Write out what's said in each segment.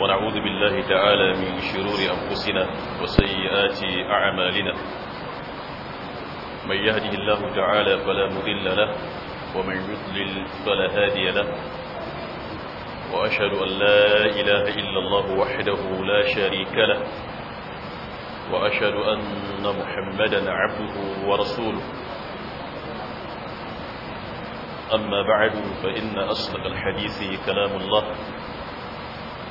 ونعوذ بالله تعالى من شرور أنفسنا وسيئات أعمالنا من يهده الله تعالى فلا مذل له ومن يضلل فلا هادي له وأشهد أن لا إله إلا الله وحده لا شريك له وأشهد أن محمدا عبده ورسوله أما بعد فإن أصدق الحديث كلام الله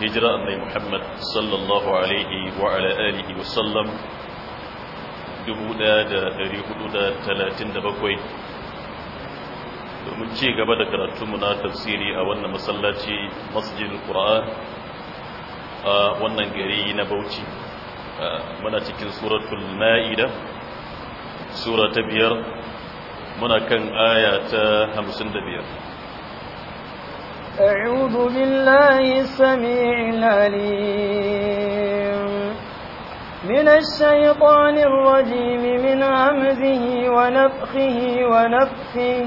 hijira mai muhammad sallallahu alaihi wa ala wa sallam 1437 domin ci gaba da karatunmu na tafsiri a wannan masallaci masjidin qur'an a wannan gari na bauchi muna cikin suratul na'ida sura ta biyar muna kan aya ta biyar. أعوذ بالله السميع العليم من الشيطان الرجيم من عمزه ونفخه ونفخه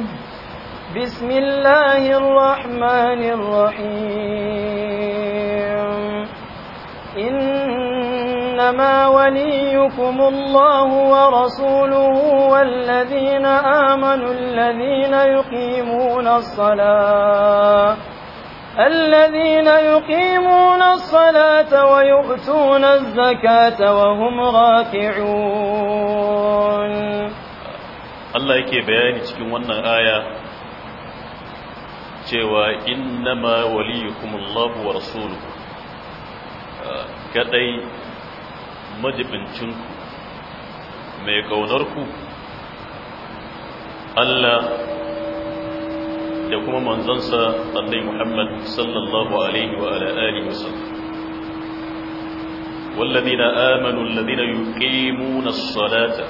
بسم الله الرحمن الرحيم إنما وليكم الله ورسوله والذين آمنوا الذين يقيمون الصلاة الذين يقيمون الصلاة ويؤتون الزكاة وهم راكعون الله yake bayani cikin wannan aya cewa innama waliyukumullahu wa rasuluhu kadai majibincinku mai ƙaunarku. da kuma manzansa annai muhammad sallallahu alaihi wa ala'ari musamman wallazi na amanu lalazi na yukimu na salata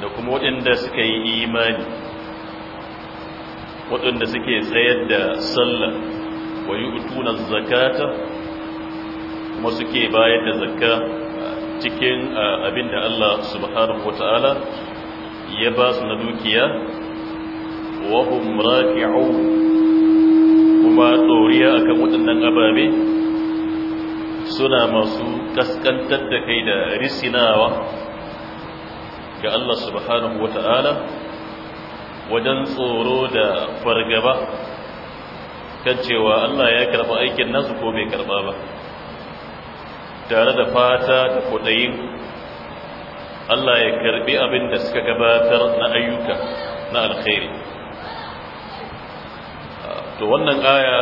da kuma waɗanda suka yi imani waɗanda suke sayar da Sallah wa yi utunan zakata kuma suke bayar da zakka cikin a ah, abinda allah subhanahu ya ba na dukiya wahum raki'un kuma tsoriya akan waɗannan ababe suna masu kaskantar da kai da risinawa ga Allah subhanahu wata'ala wajen tsoro da fargaba kan cewa Allah ya karɓi aikin nasu ko bai karɓa ba tare da fata da kudayin Allah ya karɓi abin da suka gabatar na ayyuka na alkhairi to wannan aya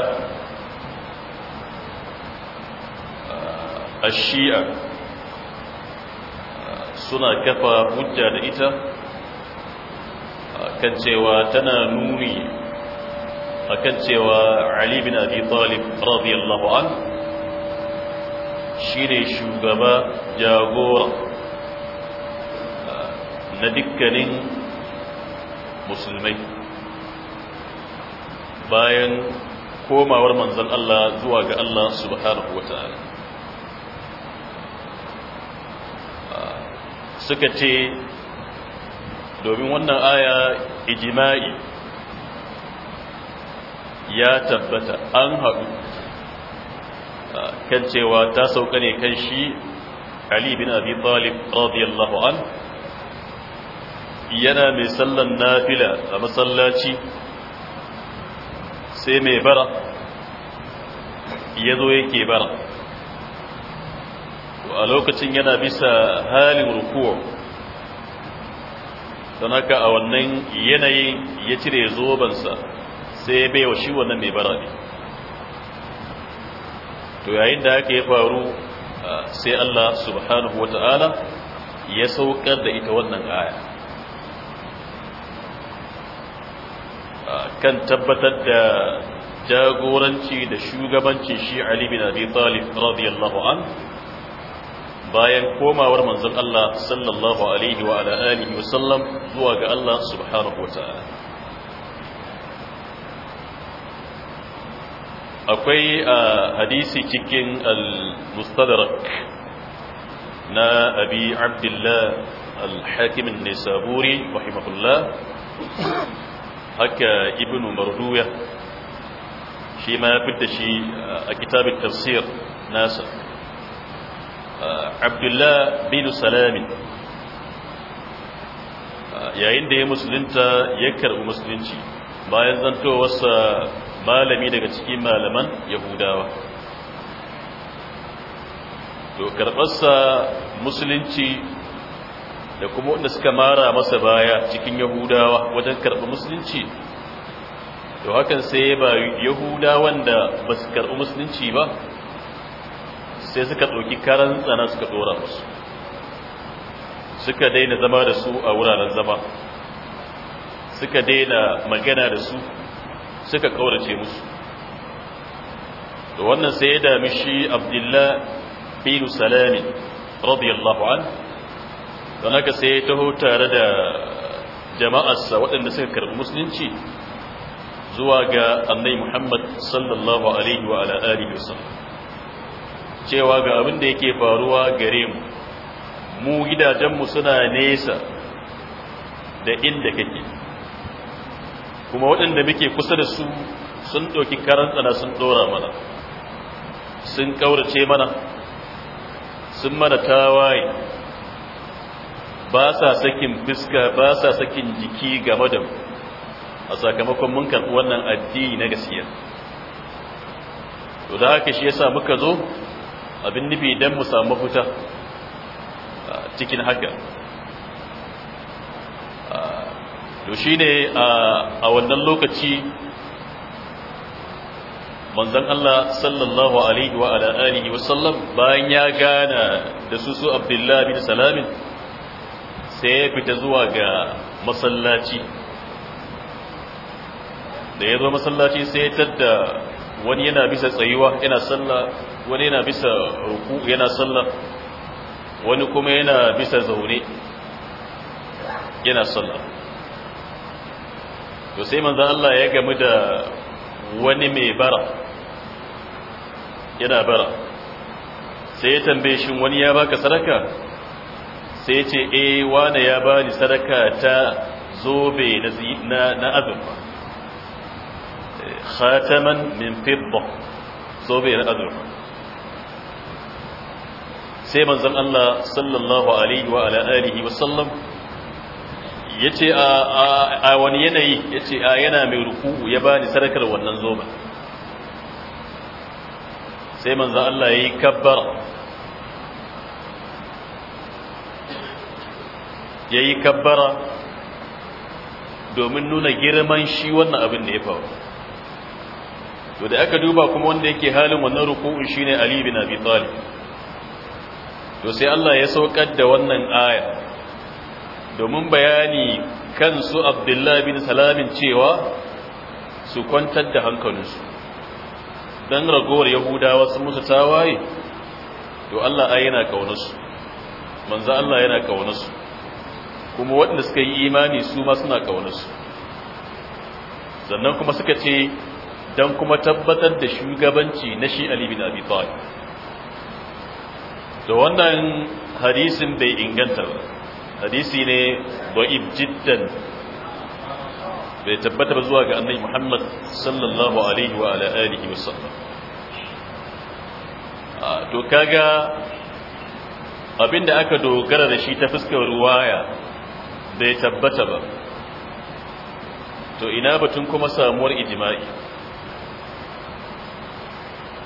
a shi'a suna kafa hujja da ita kan cewa tana nuni akan cewa ali bin abi talib radiyallahu an shine shugaba jagora na dukkanin musulmai bayan komawar manzan Allah zuwa ga Allah subhanahu wa ta'ala ah, suka ce domin wannan aya ijima'i ya tabbata an haɗu ah, kan cewa ta sauka ne kan shi Ali bin Abi Talib radiyallahu an yana mai sallan nafila a masallaci sai mai bara ya zo yake bara a lokacin yana bisa halin rukuwa don haka a wannan yanayi ya cire zobansa sai ya baiwa shi wannan mai bara ne to yayin da haka ya faru sai Allah subhanahu wa ta'ala ya saukar da ita wannan aya kan tabbatar da jagoranci da shugabanci shi Ali bin Abi Talib radiyallahu an bayan komawar manzon Allah sallallahu alaihi wa ala alihi wasallam zuwa ga Allah subhanahu wataala akwai hadisi cikin al-mustadrak na abi abdullah al-hakim an-nisaburi rahimahullah haka ibnu marduya shi ma ya da shi a kitabin tafsir nasa abdullah bin salami yayin da ya musulunta ya karɓi musulunci bayan zantowarsa malami daga cikin malaman yahudawa to karɓarsa musulunci da kuma wanda suka mara masa baya cikin yahudawa wajen karɓi musulunci da hakan sai ba yahudawan da ba su karɓi musulunci ba sai suka ɗauki karan tsana suka ɗora musu suka daina zama da su a wuraren zama suka daina magana da su suka ƙaurace musu Da wannan sai ya dami shi Abdullahi bin salami radiyallahu anhu don haka sai ya taho tare da jama'arsa waɗanda suka karɓi musulunci zuwa ga annai muhammad sallallahu alaihi wa ala'arihi wasallam cewa ga abin da yake faruwa gare mu mu gidajenmu suna nesa da inda kake kuma waɗanda muke kusa da su sun ɗauki karantsana sun ɗora mana sun ƙaurace mana sun mana tawaye ba sa sakin fiska ba sa sakin jiki game da a sakamakon mun karɓi wannan addini na gaskiya to da haka shi yasa muka zo abin nufi dan mu samu fita cikin haka to shine a wannan lokaci manzon Allah sallallahu alaihi wa ala alihi wa sallam bayan ya gana da su su abdullahi bin Salamin sai ya fita zuwa ga masallaci da ya zo masallaci sai ya tadda wani yana bisa tsayuwa yana sallah wani yana bisa ruku yana sallah wani kuma yana bisa zaune yana sallah to sai manzo Allah ya gamu da wani mai bara yana bara sai ya tambaye shi wani ya baka sadaka sai ce eh wane ya bani sadaka ta zobe na na azurfa khataman min fidda zobe na azurfa sai manzon Allah sallallahu alaihi wa ala alihi wa sallam yace a a wani yanayi yace a yana mai ruku ya bani sadakar wannan zoben sai manzon Allah ya yi kabbara ya yi kabbara domin nuna girman shi wannan abin da ya to da aka duba kuma wanda yake halin wannan ruku'un shine Ali bin Abi Talib to sai Allah ya saukar da wannan aya domin bayani kansu Abdullah bin Salamin cewa su kwantar da hankalinsu dan ragowar Yahudawa sun musu tawaye to Allah ai yana kaunarsu manzo Allah yana kaunarsu kuma waɗanda suka yi imani su ma suna ƙaunarsu sannan kuma suka ce don kuma tabbatar da shugabanci na shi Ali bin Da wannan hadisin bai inganta ba hadisi ne da'if jiddan bai tabbata ba zuwa ga annabi Muhammad sallallahu alaihi wa ala alihi wa to kaga abinda aka dogara da shi ta fuskar ruwaya bai tabbata ba to ina batun kuma samuwar ijima'i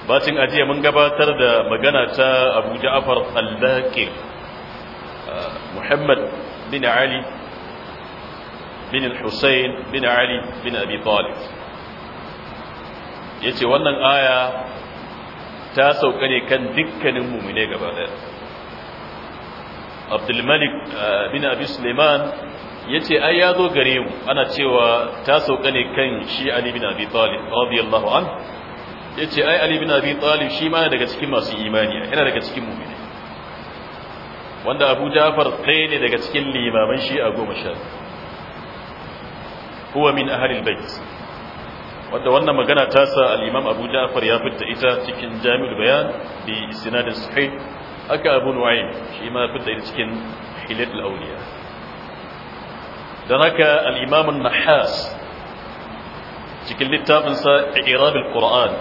batun ajiya mun gabatar da magana ta abu ja'afar al-baqir muhammad bin ali bin al-husayn bin ali bin abi talib yace wannan aya ta sauka ne kan dukkanin mu'mine gaba abdulmalik uh, bin abi suleiman ya ce ai ya zo gare mu ana cewa ta sauka ne kan shi ali bin abi talib radiyallahu an ya ce ai ali bin abi talib shi ma daga cikin masu imani yana daga cikin mumini wanda abu jafar ɗaya ne daga cikin limaman shi a goma sha huwa min ahalil bait wanda wannan magana ta sa al-imam abu jafar ya fitta ita cikin jami'ul bayan bi isnadin sahih haka abu nu'aym shi ma fitta cikin hilatul awliya dan haka al nahas cikin littafinsa i'rab al-qur'an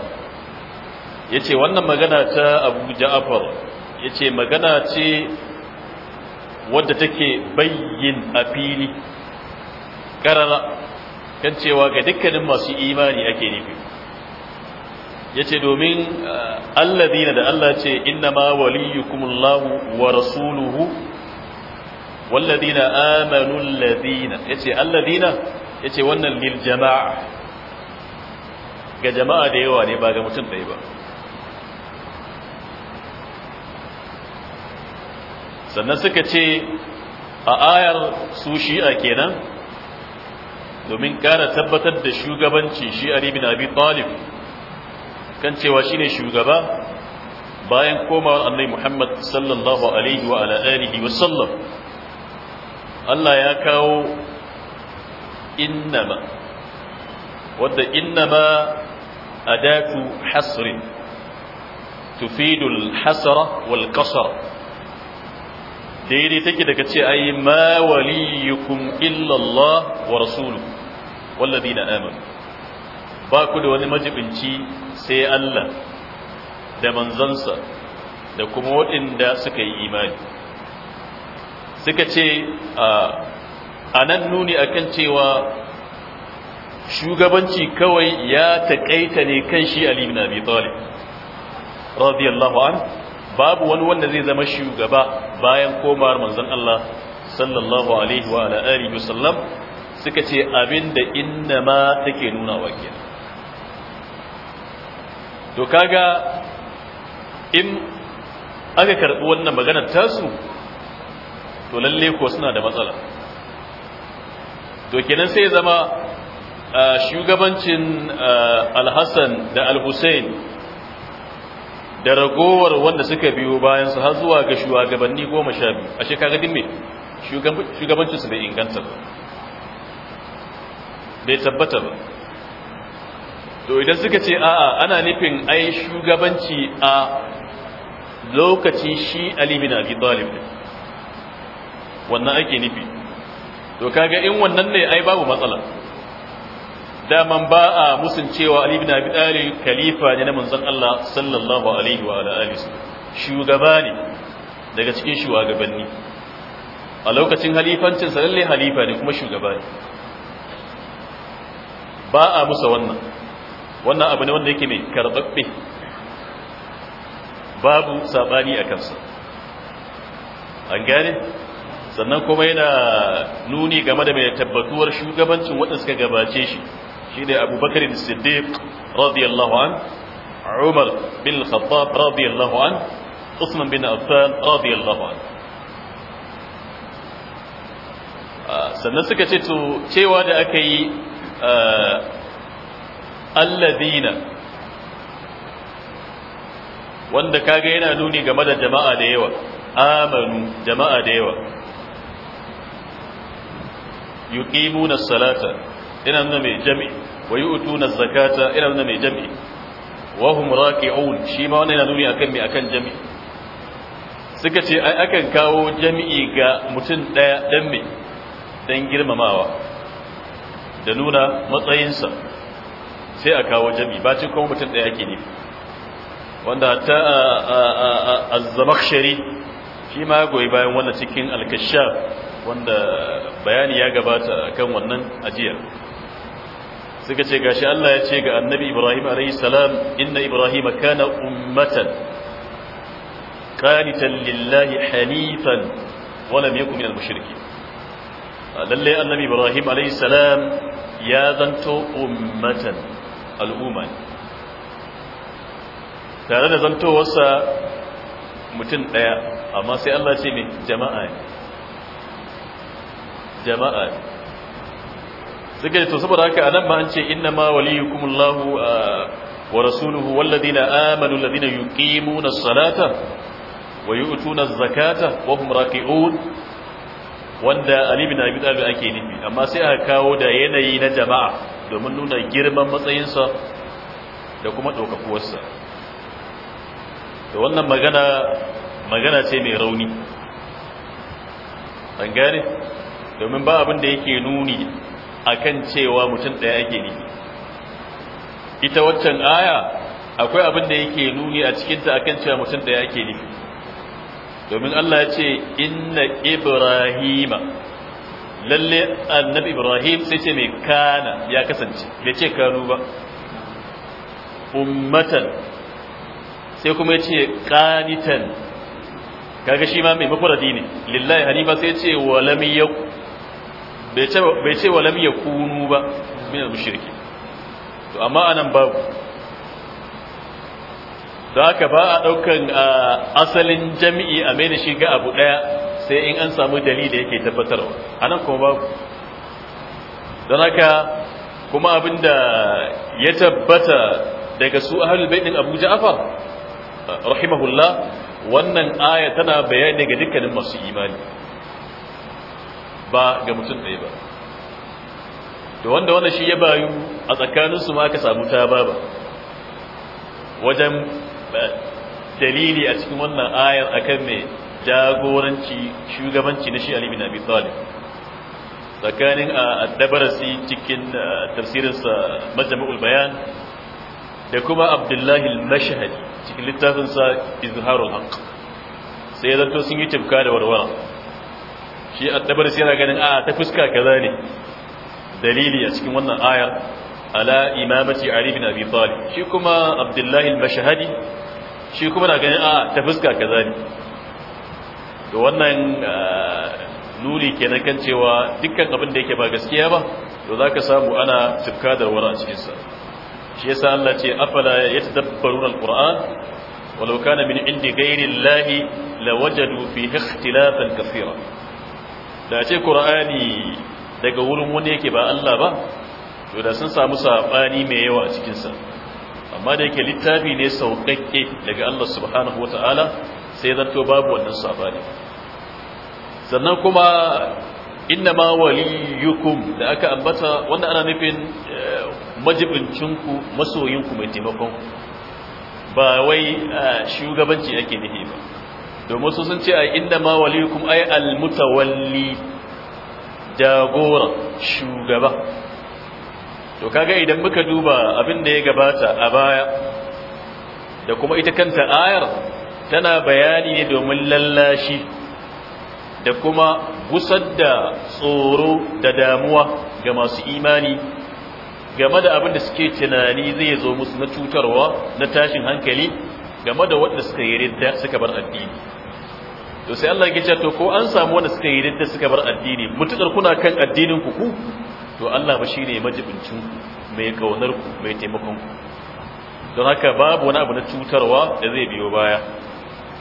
yace wannan magana ta abu ya yace magana ce wadda take bayyin a fili karara kan cewa ga dukkanin masu imani ake nufi yace domin eh, alladina da Allah ce ma innama waliyukumullahu wa rasuluhu walladina amanu alladina yace alladina yace wannan lil jama'a ga jama'a da yawa ne ba ga mutum ɗaya ba sannan suka ce a ayar su shi'a kenan domin ƙara tabbatar da shugabanci shi'ari bin abi talib kan cewa shine shugaba bayan komawar annabi Muhammad sallallahu alaihi wa ala alihi wa sallam Allah ya kawo innama wadda innama adatu hasrin tufidu al hasara wal qasra daidai take daga ce ai ma waliyukum illa Allah wa rasuluhu والذين آمنوا ba ku da wani majibinci sai Allah da manzansa da kuma waɗanda suka yi imani suka ce a nan nuni akan cewa shugabanci kawai ya taƙaita ne kan shi Ali bin Abi radiyallahu an babu wani wanda zai zama shugaba bayan komawar manzon Allah sallallahu alaihi wa ala'ari musallam suka ce abinda inna ma take nuna wa to kaga in aka karɓi wannan maganar tasu to lalle ko suna da matsala to kenan sai zama shugabancin alhassan da al al-Hussein da ragowar wanda suka biyo bayan su har zuwa ga shugabanni goma sha biyu a shekara dimme shugabancinsu bai inganta ba bai tabbata ba to idan suka ce a'a ana nufin ai shugabanci a lokaci shi Ali bin Abi Talib wannan ake nufi to kaga in wannan ne ai babu matsala Da man ba a musuncewa Ali bin Abi Talib khalifa ne na manzon Allah sallallahu alaihi wa alihi shugaba ne daga cikin shugabanni a lokacin halifancin sa lalle halifa ne kuma shugaba ne ba a musa wannan wannan abu ne wanda yake mai karbabbe babu sabani a kansa an gane sannan kuma yana nuni game da mai tabbatuwar shugabancin waɗanda suka gabace shi shi ne abubakar siddiq radiyallahu an umar bin khattab radiyallahu an usman bin affan radiyallahu an ah, sannan suka ce cewa da aka yi ah, alladina wanda kaga yana nuni game da jama'a da yawa amanu jama'a da yawa yuqimuna salata ina nuna mai jami wa yu'tuna zakata ina nuna mai jami wa hum raki'un shi ma wannan yana nuni akan mai akan jami suka ce ai akan kawo jami'i ga mutum daya dan me dan girmamawa da nuna matsayinsa sai a kawo jami bacin kuma mutum ɗaya ake nufi wanda ta azzamakshari shi ma goyi bayan wanda cikin alkashaf wanda bayani ya gabata kan wannan ajiyar suka ce gashi Allah ya ce ga annabi Ibrahim alayhi salam inna Ibrahim kana ummatan qanitan lillahi hanifan wa lam yakun minal mushrikeen lalle annabi Ibrahim alayhi salam ya zanto ummatan al'umma ne tare da zantowarsa mutum ɗaya amma sai Allah ce ne jama'a ne jama'a ne suka yi to saboda haka a nan ma an ce inna ma waliyukumullahu wa rasuluhu walladina amanu alladina yuqimuna na salata wa yu'tuna na zakata wa Raki'un, wanda ali bin abi ake nufi amma sai aka kawo da yanayi na jama'a domin nuna girman matsayinsa da kuma ɗaukakuwarsa da wannan magana magana ce mai rauni an gane domin ba abin da yake nuni akan cewa mutum ɗaya ake ne ita waccan aya akwai abin da yake nuni a cikinta akan cewa mutum ɗaya ake ne domin Allah ya ce inna ibrahima lalle annabi ibrahim sai ce mai kana ya kasance bai ce kanu ba ummatan sai kuma ya ce kanitan kaga shi ma mai mafaradi ne lillahi hanifa sai ce bai ce bai ce walam ba minar mushriki to amma anan babu da aka ba a daukan asalin jami'i a mai da shi ga abu daya sai in an samu dalili yake tabbatarwa anan kuma babu don haka kuma abinda ya tabbata daga su ahlul bait din Abu Ja'far rahimahullah wannan aya tana bayani ga dukkanin masu imani ba ga mutum ɗaya ba to wanda wannan shi ya bayu a tsakaninsu ma aka samu ta baba wajen eh, dalili a cikin wannan ayar akan mai jagoranci shugabanci na shi Ali bin Abi Talib tsakanin a Dabarasi cikin tafsirinsa majami'ul bayan da kuma abdullahi al-mashahadi cikin littafinsa izharul haq sai ya zanto sun yi tafka da warwara shi Dabarasi yana ganin a ta fuska kaza ne dalili a cikin wannan ayar ala imamati ali bin abi talib shi kuma abdullahi al-mashahadi shi kuma na ganin a ta fuska kaza ne to wannan ah, nuni kenan kan cewa dukkan abin da yake ba gaskiya ba to zaka samu ana tufka da wara a cikinsa sa shi yasa Allah ce afala yatadabbaruna alquran walau kana min indi ghairi llahi lawajadu fi ikhtilafan kafira. da ce qur'ani daga wurin wanda yake ba Allah ba to da sun samu saɓani mai yawa a cikinsa. amma da yake littafi ne sauƙaƙe daga Allah subhanahu wataala sai zanto babu wannan sabani sannan kuma inna ma waliyukum da aka ambata wannan ana nufin eh, majibincinku masoyinku mai taimakon ba wai eh, shugabanci ake nufi ba domin su sun ce a inna ma waliyukum ai almutawalli jagora shugaba to kaga idan muka duba abin da ya gabata a baya da kuma ita kanta ayar tana bayani ne domin lallashi da kuma gusar da tsoro da damuwa ga masu imani game da abin da suke tunani zai zo musu na cutarwa na tashin hankali game da wanda suka yi ridda suka bar addini to sai Allah ya ce to ko an samu wanda suka yi ridda suka bar addini mutukar kuna kan addinin ku ku to Allah ba shine majibincin mai kaunar ku mai taimakon ku don haka babu wani abu na cutarwa da zai biyo baya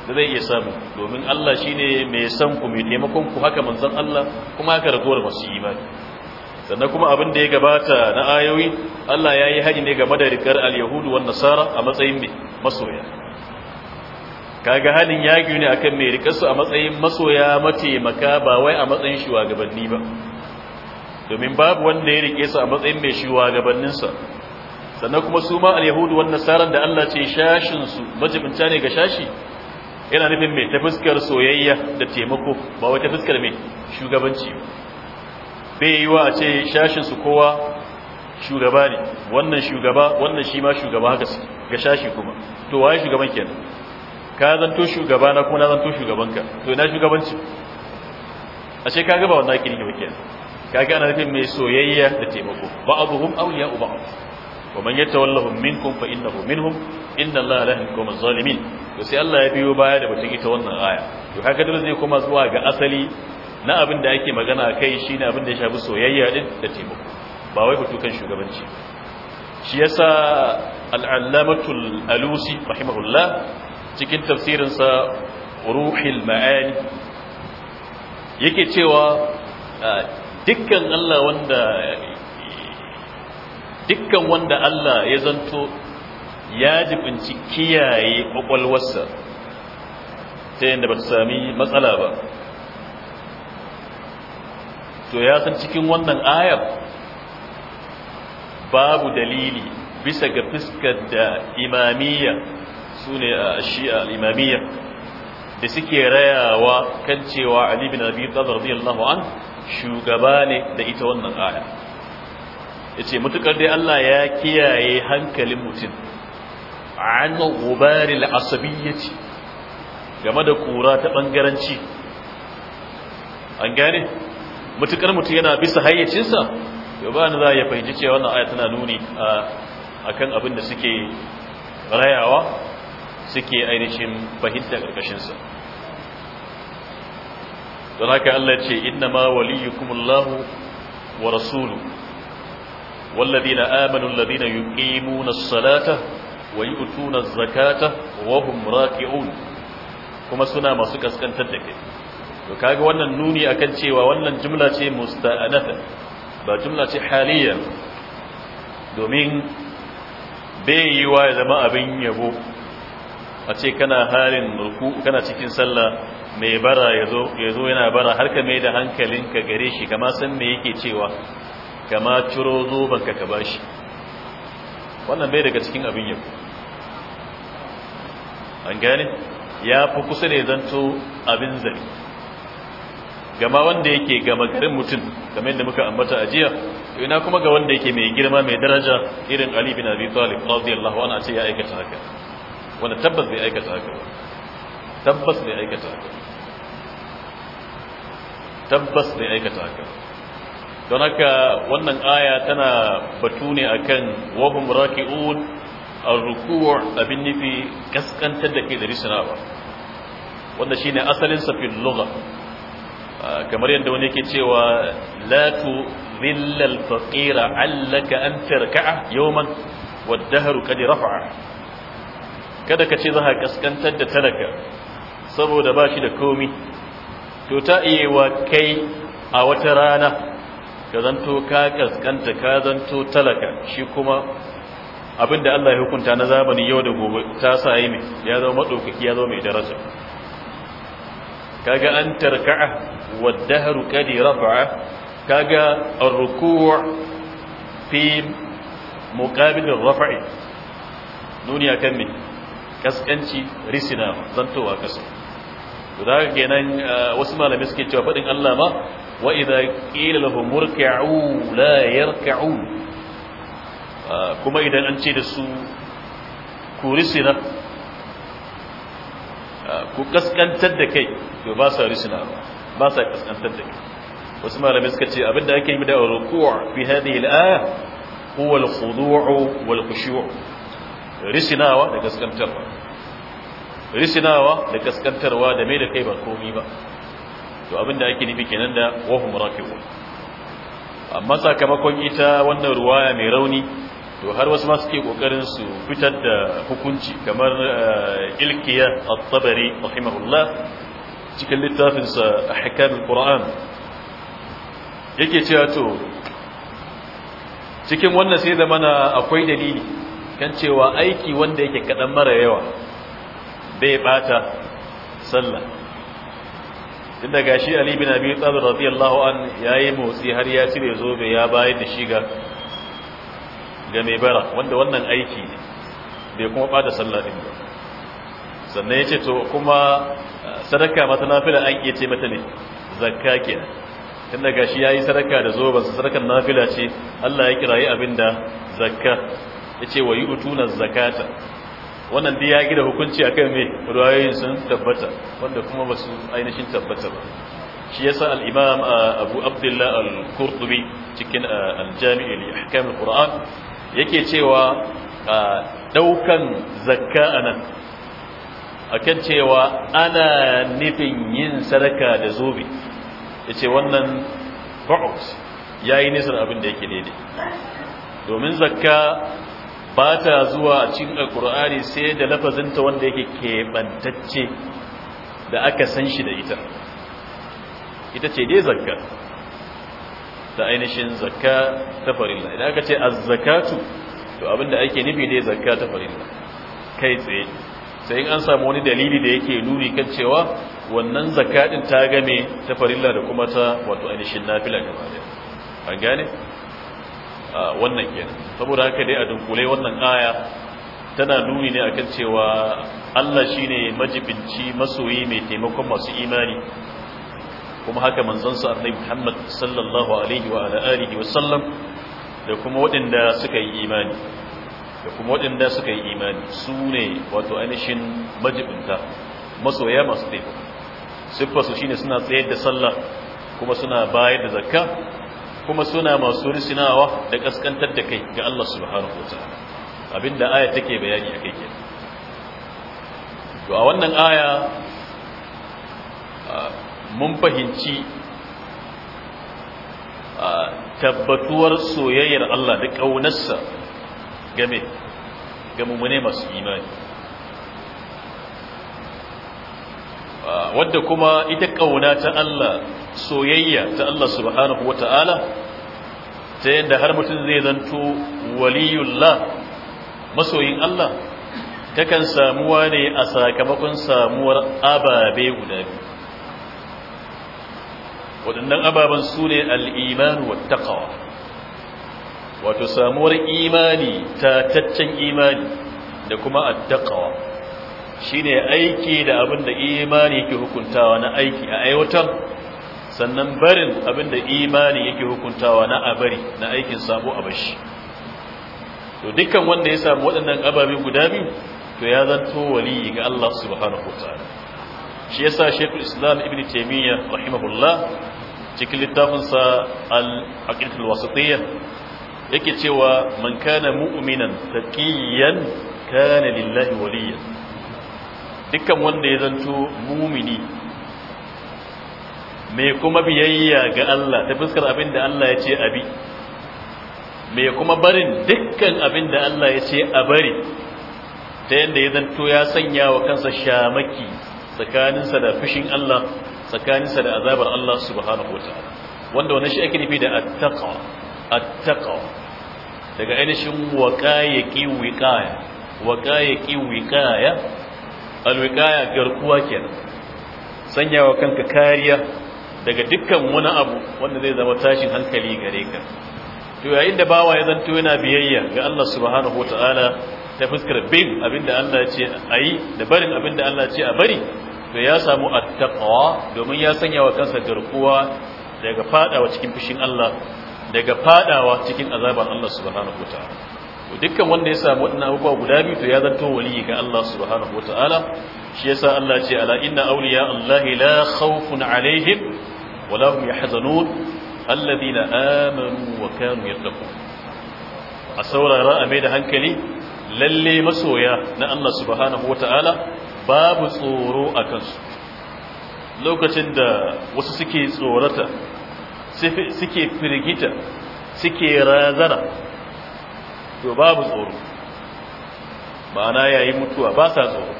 da zai iya samu domin Allah shi shine mai san ku mai taimakon ku haka manzon Allah kuma haka ragowar masu imani sannan kuma abin da ya gabata na ayoyi Allah ya yi haji ne game da rikar al-yahudu wa nasara a matsayin masoya kaga halin ya ne akan mai rikar su a matsayin masoya mataimaka ba wai a matsayin shugabanni ba domin babu wanda ya rike su a matsayin mai shugabanninsa sannan kuma su ma al-yahudu wa nasaran da Allah ce shashin su majibinta ne ga shashi yana nufin mai ta fuskar soyayya da taimako ba wata fuskar mai shugabanci bai yi wa a ce shashinsu kowa shugaba ne wannan shugaba wannan shi ma shugaba haka su ga shashi kuma to waye shugaban kenan ka zanto shugaba na kuma na zanto shugabanka to ina shugabanci a ce ka gaba wannan akili ne kenan ka ga ana nufin mai soyayya da taimako ba'abuhum awliya'u ba'd wa man yatawallahum minkum fa innahu minhum inna allaha la yuhibbu adh-dhalimin to sai Allah ya biyo baya da batun ita wannan aya to haka dole zai koma zuwa ga asali na abin da ake magana kai shine abin da ya shafi soyayya din da taimako ba wai batu kan shugabanci shi yasa al-allamatul alusi rahimahullah cikin tafsirinsa ruhil ma'ani yake cewa ah, dukkan Allah wanda dukkan wanda Allah ya zanto ya jibinci kiyaye kwakwalwarsa ta yadda ba ta sami matsala ba to ya san cikin wannan ayar babu dalili bisa ga fiskar da imamiyya su ne a shi'a imamiyya da suke rayawa kan cewa Ali bin Abi radiyallahu an shugaba ne da ita wannan aya ce mutukar dai Allah ya kiyaye hankalin mutum an gubaril asabiyyati game da kura ta ɓangaranci an gane mutukar mutum yana bisa hayyacinsa yau ba ni za ya fahimci cewa wannan aya tana nuni a kan abin da suke rayawa suke ainihin fahimta ƙarƙashinsa don haka Allah ce inna ma waliyukumullahu wa rasulu والذين آمنوا الذين يقيمون salata. wa yu'tuna zakata wa hum raqi'un kuma suna masu kaskantar da kai to kaga wannan nuni akan cewa wannan jumla ce musta'anatha ba jumla ce haliya domin bai yi wa ya zama abin yabo a ce kana halin ruku kana cikin sallah mai bara ya zo yana bara har ka mai da hankalinka gare shi kama san me yake cewa kama ciro zobanka ka bashi wannan bai daga cikin abin yau an gane ya fi kusa ne zanto abin zari gama wanda yake gama garin mutum game da muka ambata a jiya ina kuma ga wanda yake mai girma mai daraja irin ali bin abi talib radiyallahu anhu ce ya aikata haka wanda tabbas bai aikata haka tabbas bai aikata haka tabbas bai aikata haka don haka wannan aya tana batu ne kan wahum raki'un ar-ruku' abin nufi kaskantar da ke da risnawa wanda shine asalin sa fil ah, kamar yadda wani yake cewa latu tu faƙira faqira allaka an tarka'a yawman wad-dahru qad rafa'a kada ka ce za ka kaskantar da talaka saboda ba shi da komi to ta iya wa kai a wata rana ka zanto ka kaskanta ka zanto talaka shi kuma abinda Allah ya hukunta na zamani yau da gobe ta sa yi ne ya zama madaukaki ya zama mai daraja kaga an tarka'a wad-dahru qad rafa'a kaga ar-ruku' fi muqabil ar-raf'i duniya kan ne kaskanci risina zantowa kasa to da kenan uh, wasu malamai suke cewa fadin Allah ma wa idza qila lahum murka'u la yarka'un uh, kuma idan an ce da su ku risina uh, ku kaskantar da kai to ba sa risina ba sa kaskantar da kai wasu malamai suka ce abinda ake yi da ruku' fi hadhihi al-aya huwa al-khudu' wal khushu' risinawa da kaskantarwa risinawa da kaskantarwa da mai da kai ba komi ba to abinda ake nufi kenan da wahum rafi'un amma sakamakon ita wannan ruwaya mai rauni to har wasu ma suke kokarin su fitar da hukunci kamar eh, ilkiya at-tabari rahimahullah cikin littafin sa ahkamul qur'an yake cewa to cikin wannan sai da mana akwai dalili kan cewa aiki wanda yake kadan mara yawa zai bata sallah inda gashi ali bin abi talib radiyallahu an yayi motsi har ya cire zobe ya bayar da shiga ga mai bara wanda wannan aiki ne bai kuma bada sallah din ba sannan yace to kuma sadaka mata nafila an iya ce mata ne zakka kenan tunda gashi yayi sadaka da zoben sadakar nafila ce Allah ya kirayi abinda zakka yace wa yu'tuna zakata wannan da ya gida hukunci akan me ruwayoyin sun tabbata wanda kuma ba su ainihin tabbata ba shi yasa al a uh, abu abdullah al-qurtubi cikin uh, al-jami' al-qur'an yake cewa uh, daukan zakka anan kan cewa ana nufin yin sadaka da zobe yace wannan ya yayi nisan abin da yake daidai domin zakka ba ta zuwa a cikin alkur'ani sai da lafazinta wanda yake keɓantacce da aka san shi da ita ita ce dai zakka da ainihin zakka ta farilla idan aka ce azzakatu to abinda ake nufi dai zakka ta farilla kai tsaye sai in an samu wani dalili da yake nuni kan cewa wannan zakka din ta game ta farilla da kuma ta wato ainihin nafila gaba ɗaya an gane wannan kenan saboda haka dai a dunkule wannan aya tana nuni ne akan cewa Allah shine majibinci masoyi mai taimakon masu imani kuma haka manzon sa Annabi Muhammad sallallahu alaihi wa alihi wa sallam da kuma waɗanda suka yi imani da kuma waɗanda suka yi imani su ne wato ainihin majibinta masoya masu taimako siffarsu shine suna tsayar da sallah kuma suna bayar da zakka kuma suna masu risinawa da kaskantar da kai ga Allah subhanahu wataala abinda aya take bayani akai ke to a wannan aya mun fahimci tabbatuwar soyayyar Allah da kaunarsa game ga mummune masu imani Ah, wadda kuma ita kauna ta Allah soyayya ta Allah subhanahu wata'ala ta yadda har mutum zai zanto waliyullah masoyin Allah takan samuwa ne a sakamakon samuwar ababe guda biyu waɗannan ababen su ne al'imanu wa taƙawa wato samuwar imani tataccen imani da kuma taƙawa. shine aiki da abin da imani yake hukuntawa na aiki a aiwatar sannan barin abin da imani yake hukuntawa na abari na aikin sabo a bashi to dukkan wanda ya samu waɗannan ababe guda biyu to ya zanto waliyi ga Allah subhanahu wataala shi yasa Sheikhul Islam Ibn Taymiyyah rahimahullah cikin littafinsa Al-Aqidatul Wasatiyyah yake cewa man kana mu'minan taqiyan kana lillahi waliyan dukkan wanda ya zanto mumini mai kuma biyayya ga Allah ta fuskar abin da Allah ya ce abi mai kuma barin dukkan abin da Allah ya ce a bari ta yadda ya zanto ya sanya wa kansa shamaki tsakaninsa da fushin Allah tsakaninsa da azabar Allah subhanahu wataala wanda wani shi ake nufi da attaqa attaqa daga ainihin waqayaqi wiqaya alwiqaya garkuwa kenan sanyawa kanka kariya daga dukkan wani abu wanda zai zama tashin hankali gare ka to yayin da bawa ya zanto yana biyayya ga Allah subhanahu wataala ta fuskar bin abinda Allah ya ce ayi da barin abinda Allah ya ce a bari to ya samu at-taqwa domin ya sanyawa kansa garkuwa daga fadawa cikin fushin Allah daga fadawa cikin azaban Allah subhanahu wataala dukkan wanda ya samu waɗannan abubuwa guda biyu to ya zanto waliyi ga Allah subhanahu wataala shi yasa Allah ce ala inna awliya Allah la khawfun alaihim wa la yahzanun alladhina amanu wa kanu yattaqun a saurara a mai da hankali lalle masoya na Allah subhanahu wataala babu tsoro a kansu lokacin da wasu suke tsorata suke firgita suke razara to babu tsoro ma'ana yayi mutuwa ba sa tsoro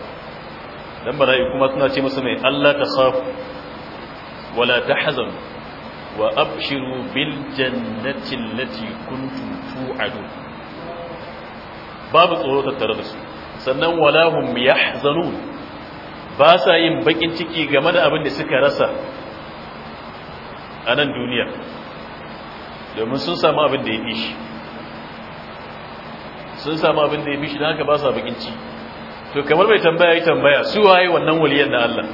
dan bara'i kuma suna ce musu mai Allah ta khaf wala tahzan wa abshiru bil jannati allati kuntum tu'adun babu tsoro tattare da su sannan wala hum yahzanun ba sa yin bakin ciki game da abin da suka rasa a nan duniya domin sun samu abin da ya fi shi sun samu abin da ya bishi da haka ba sa bakin ci to kamar mai tambaya yi tambaya su waye wannan waliyan na Allah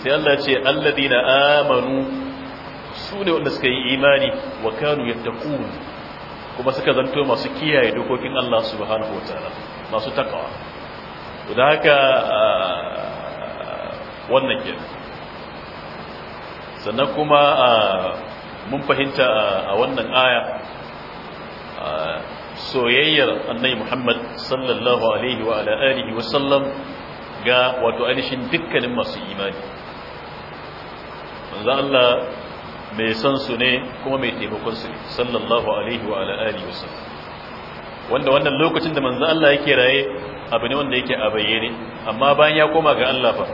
sai Allah ce alladina amanu su ne wanda suka yi imani wa kanu yattaqun kuma suka zanto masu kiyaye dokokin Allah subhanahu wataala masu takawa to da haka wannan ke sannan kuma mun fahimta a wannan aya soyayyar annabi Muhammad sallallahu alaihi wa ala alihi wa sallam ga wato ainihin dukkanin masu imani manzo Allah mai san su ne kuma mai taimakon su ne sallallahu alaihi wa ala alihi wa sallam wanda wannan lokacin da manzo Allah yake raye abu ne wanda yake a bayyane amma bayan ya koma ga Allah fa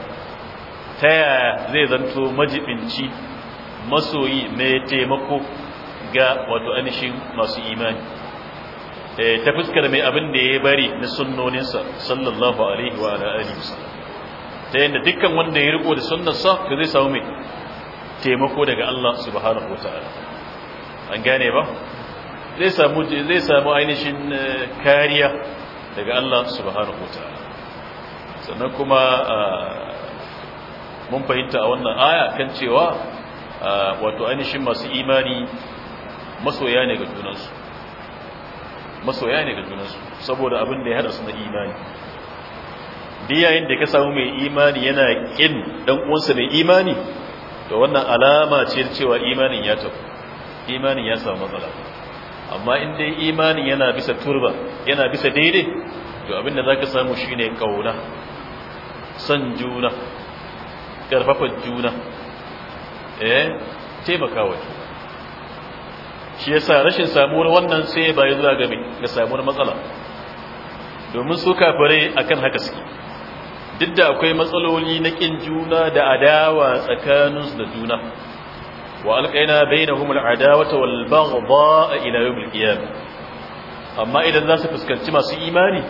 ta yaya zai zanto majibinci masoyi mai taimako ga wato ainihin masu imani Eh, ta fuskar mai abin da ya bari na sunnoninsa sallallahu alaihi wa alihi ta yadda dukkan wanda ya riko da sunnarsa to zai samu mai taimako daga Allah subhanahu wataala an gane ba zai samu zai samu ainihin eh, kariya daga Allah subhanahu wataala sannan kuma eh, mun fahimta a wannan aya kan cewa wato ainihin masu imani masoya ne ga junansu masoya ne da junansu saboda abin da ya hada su na imani yayin da ka samu mai imani yana ƙin dan uwansa mai imani to wannan alama ce cewa imanin ya tafi imanin ya samu matsala amma in dai imanin yana bisa turba yana bisa daidai to abin da ka samu shine kauna san juna karfafa juna eh taimakawa juna shi yasa rashin samuwar wannan sai ya zuwa game ga samuwar matsala domin su kafare akan haka suke duk da akwai matsaloli na kin juna da adawa tsakaninsu da juna wa alƙaina bainahum adawa wal baghdha ila a al amma idan za su fuskanci masu imani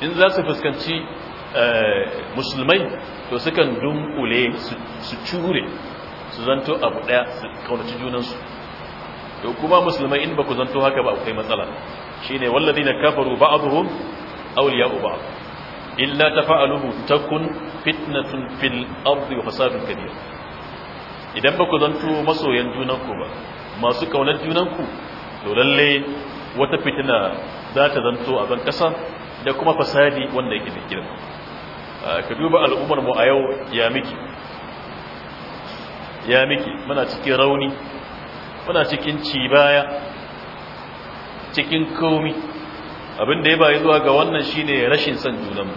in za su fuskanci eh, musulmai to sukan dunkule su cure su zanto abu daya su kaunaci junansu to kuma musulmai in baku zanto haka ba akwai matsala shine walladina kafaru ba'dhum awliya'u ba'd illa tafa'aluhu takun fitnatun fil ardi wa fasadun kabir idan baku ku zanto masoyan junanku ba masu kaunar junanku to lalle wata fitina za ta zanto a ban kasa da kuma fasadi wanda yake da ka duba al'ummar mu a yau ya miki ya miki muna cikin rauni muna cikin cibaya cikin komi abin da ya bayi zuwa ga wannan shine rashin son junanmu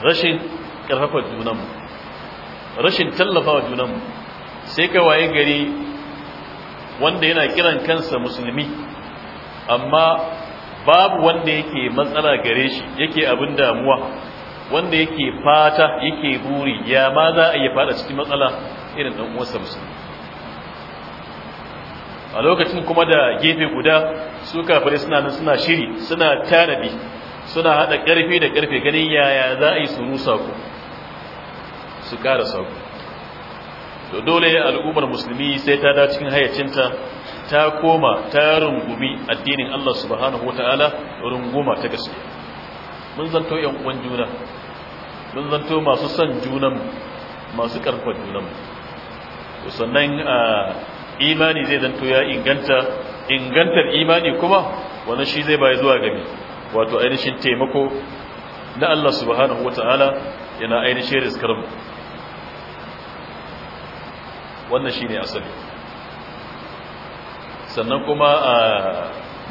rashin ƙarfafa junanmu rashin tallafawa junanmu sai ka waye gari wanda yana kiran kansa musulmi amma babu wanda yake matsala gare shi yake abin damuwa wanda yake fata yake buri ya ma za a iya fada cikin matsala irin ɗan uwansa musulmi a lokacin kuma da gefe guda su kafirai suna nan suna shiri suna tanadi suna hada karfi da karfe ganin yaya za a yi su rusa ku su kara sauku to dole al'ummar musulmi sai ta da cikin hayyacinta ta koma ta rungumi addinin Allah subhanahu wataala runguma ta gaske mun zanto yan uwan juna mun zanto masu son junan masu karfa junan sannan a ah, imani zai zanto ya inganta ingantar imani kuma wannan shi zai bai zuwa gabi wato ainihin taimako na Allah subhanahu wataala yana ainihin riskar mu wannan shine asali sannan kuma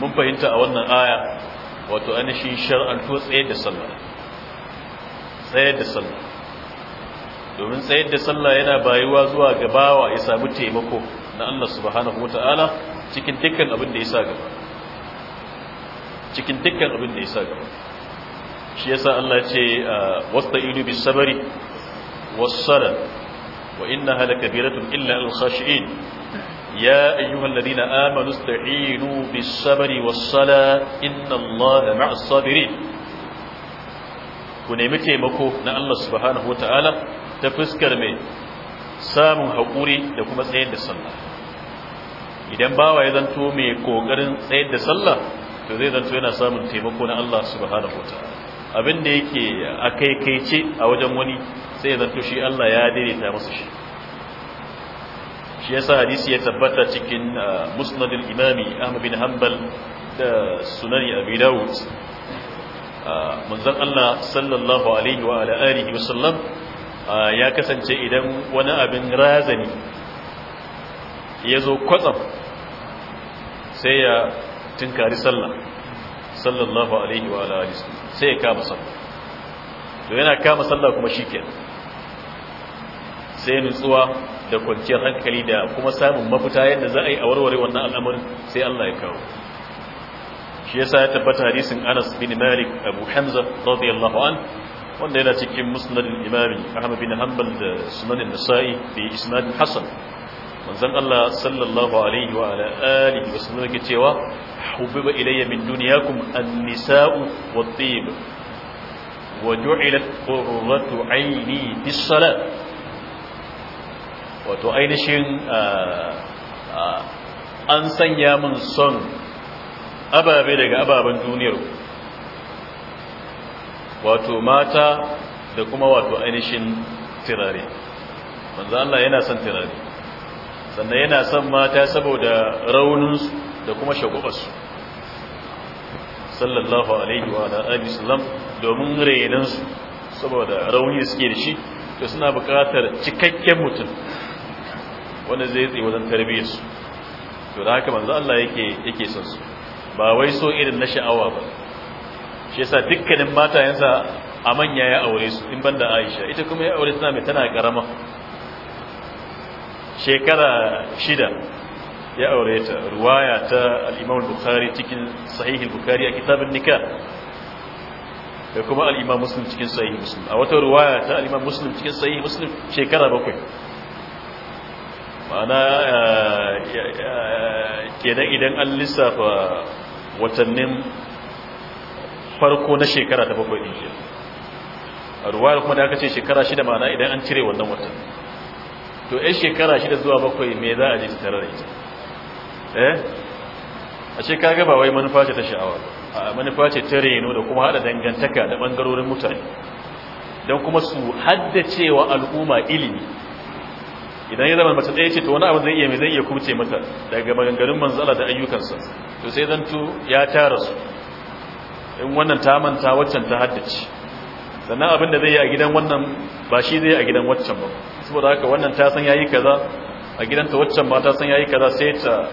mun fahimta a wannan aya wato ainihin shar'antu tsayar da sallah tsayar da sallah domin tsayar da sallah yana bayuwa zuwa gabawa ya samu taimako na Allah subhanahu wata'ala cikin dukkan abin da ya sa gaba cikin dukkan abin da ya sa gaba shi yasa Allah ce ah, wasta'inu bis sabri was salat wa innaha lakabiratun illa al khashiin يا أيها الذين آمنوا استعينوا بالصبر والصلاة إن الله مع الصابرين ku nemi taimako na Allah subhanahu wa ta'ala ta fuskar mai samun haƙuri da kuma tsayar da sallah idan bawa ya zanto mai ƙoƙarin tsayar da sallah to zai zanto yana samun taimako na Allah subhanahu wa abin da yake a kaikaice a wajen wani sai ya zanto shi Allah ya daidaita masa shi shi yasa hadisi ya tabbata cikin ah, Musnadin imami Ahmad bin Hanbal da sunani Abi Dawud ah, manzon Allah sallallahu alaihi wa alihi wa ya kasance idan wani abin razani ya zo kwatsam sai ya tunkari sallah sallallahu alaihi wa alihi sai ya kama sallah to yana kama sallah kuma shikenan sai nutsuwa da kwanciyar hankali da kuma samun mafita yadda za a yi a warware wannan al'amarin sai Allah ya kawo shi yasa ya tabbata hadisin Anas bin Malik Abu Hamza radiyallahu anhu wanda yana cikin musnadin imami ahmad bin hanbal da sunanin nasa'i fi isnadin hasan manzon Allah sallallahu alaihi wa ala alihi wa sallam yake cewa hubbiba ilayya min dunyakum an-nisa'u wat-tib wa ju'ilat qurratu 'ayni bis-salat wato ainihin an sanya min son ababe daga ababan duniyar wato mata da kuma wato ainihin tirare manzo Allah yana son tirare sannan yana son mata saboda rauninsu da kuma shagubarsu sallallahu alaihi wa alihi islam, domin renansu saboda rauni suke da shi to suna buƙatar cikakken mutum wanda zai tsaye wajen tarbiyyar su to da haka manzo Allah yake yake son su ba wai so irin na sha'awa ba shi yasa dukkanin matayensa a manya ya aure su in banda Aisha ita kuma ya aure tana mai tana karama shekara shida ya aure ta ruwaya ta al-Imam Bukhari cikin Sahih al-Bukhari a kitabun nikah da kuma al-Imam Muslim cikin Sahih Muslim a wata ruwaya ta al-Imam Muslim cikin Sahih Muslim shekara bakwai ma'ana da eh, idan an lissafa watannin farko na shekara ta bakwai ɗin a ruwayar kuma da aka ce shekara shida ma'ana idan an cire wannan wata to yan shekara shida zuwa bakwai me za a ji tare da ita eh a ce ka gaba wai manufa ce ta sha'awa a manufa ce ta reno da kuma haɗa dangantaka da ɓangarorin mutane don kuma su cewa al'umma ilimi idan ya zama mace ɗaya ce to wani abu zai iya mai zai iya kuce mata daga maganganun manzala da ayyukansa to sai zanto ya tara su in wannan ta manta waccan ta haddace sannan abin da zai yi a gidan wannan ba shi zai yi a gidan waccan ba saboda haka wannan ta san yayi kaza a gidanta waccan ba ta san yayi kaza sai ta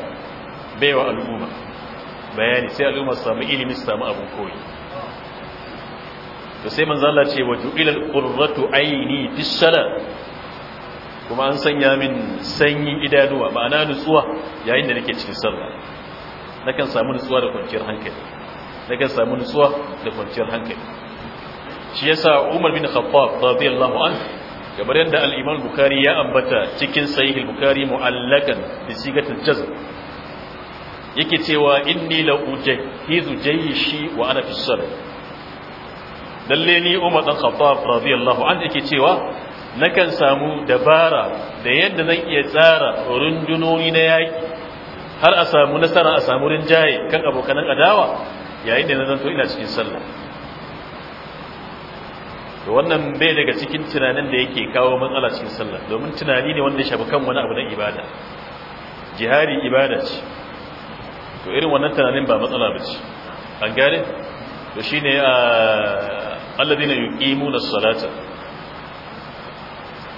baiwa al'umma bayani sai al'umma su samu ilimi su samu abin koyi to sai manzo Allah ce wa ju'ilal qurratu aini fis kuma an sanya min sanyin idanuwa ma'ana nutsuwa yayin da nake cikin sallah nakan samu nutsuwa da kwanciyar hankali sai ka samu nutsuwa da kwanciyar hankali shi yasa Umar bin Khattab radiyallahu anhu kamar yadda al-Imam Bukhari ya ambata cikin Sahih al-Bukhari mu'allakan bi sigatil jazm yake cewa inni la ujahizu jayshi wa ana fi sadr lalle ni Umar bin Khattab radiyallahu anhu yake cewa nakan samu dabara da yadda zan iya tsara rundunoni na yaki har a samu nasara a samu rinjaye kan abokanan adawa yayin da na zanto ina cikin sallah to wannan bai daga cikin tunanin da yake kawo matsala cikin sallah domin tunani ne wanda ya shafi kan wani abu na ibada jihadi ibada ce to irin wannan tunanin ba matsala ba ce an gane to shine a ah, alladina yuqimuna as-salata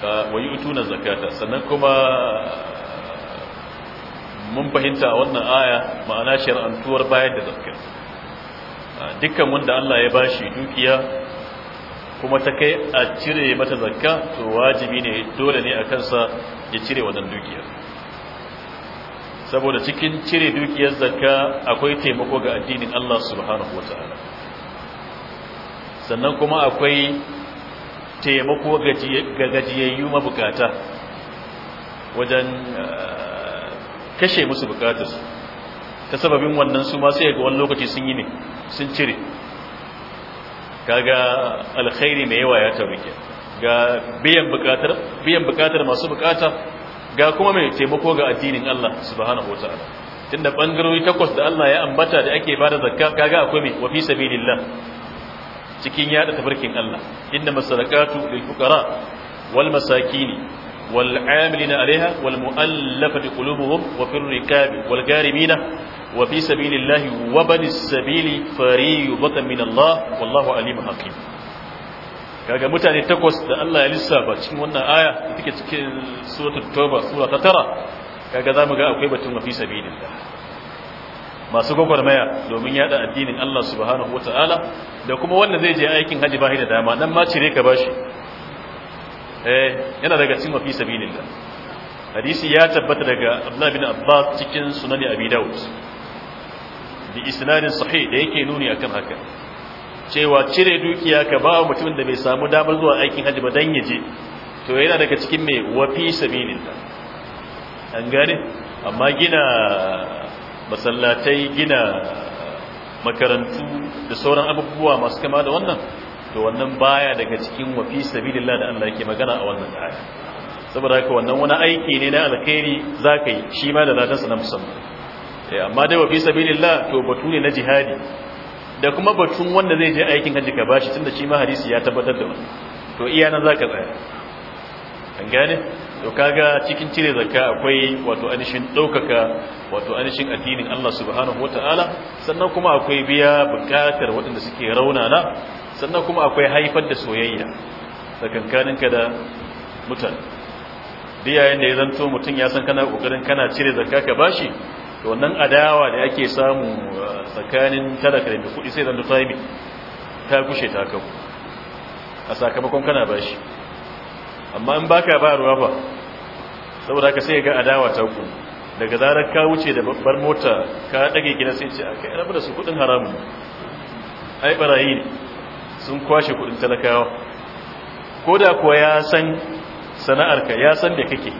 ah, wa yu'tuna zakata sannan kuma mun fahimta wannan aya ma'ana shar'antuwar bayar da zakata dukkan wanda Allah ya bashi dukiya kuma ta kai a cire mata zakka to wajibi ne dole ne a kansa ya cire wannan dukiya saboda cikin cire dukiyar zakka akwai taimako ga addinin Allah subhanahu wataala sannan kuma akwai taimako ga gajiyayyu mabukata wajen eh, kashe musu bukatarsu ta sababin wannan su ma sai ga wani lokaci sun yi ne sun cire kaga alkhairi mai yawa ya taru ga biyan bukatar biyan bukatar masu bukata ga kuma mai taimako ga addinin Allah subhanahu wataala tunda bangarori takwas da Allah ya ambata da ake bada zakka kaga akwai mai wa fi sabilillah cikin yada tabarkin Allah inna masadaqatu lil fuqara wal masakini والعاملين عليها والمؤلفة قلوبهم وفي الركاب والجارمين وفي سبيل الله وبن السبيل فريضة من الله والله عليم حكيم kaga mutane takwas da Allah ya lissafa cikin wannan aya da take cikin suratul tauba sura ta tara kaga zamu ga akwai batun wafi sabilillah masu gwagwarmaya domin yada addinin Allah subhanahu wataala da kuma wanda zai je aikin haji bahi da dama dan ma cire ka bashi Eh, yana daga cikin mafi sabilillah hadisi ya tabbata daga Abdullah bin Abbas cikin sunani Abi daud da isnadin sahih da yake nuni akan haka cewa cire dukiya ka ba mutumin da bai samu damar zuwa aikin hajji ba dan yaje to yana daga cikin mai wafi sabilillah an gane amma gina masallatai gina makarantu da sauran abubuwa masu kama da wannan to wannan baya daga cikin wafi sabilillah da Allah yake magana a wannan ayi saboda haka wannan wani aiki ne na alkhairi zakai yi shi ma da ladansa na musamman eh amma dai wafi sabilillah to batu ne na jihadi da kuma batun wanda zai je aikin hajji ka bashi tunda shi ma hadisi ya tabbatar da wannan to iya nan zaka tsaya an gane to kaga cikin cire zakka akwai wato anishin daukaka wato anishin addinin Allah subhanahu wataala sannan kuma akwai biya bukatar waɗanda suke raunana sannan kuma akwai haifar da soyayya tsakankaninka da mutane yayin da ya zanto mutum ya san kana kokarin kana cire zakka ka bashi to wannan adawa da yake samu uh, tsakanin talaka da kudi sai zanto ta yi ta kushe ta kawo a sakamakon kana bashi amma in baka ba ruwa ba saboda ka sai ga adawa ta ku daga zarar ka wuce da babbar mota ka dage gina sai ce a kai rabu da su kuɗin haramun ai barayi ne sun kwashe kudin talakawa ko da kuwa ya san sana'arka ya san da kake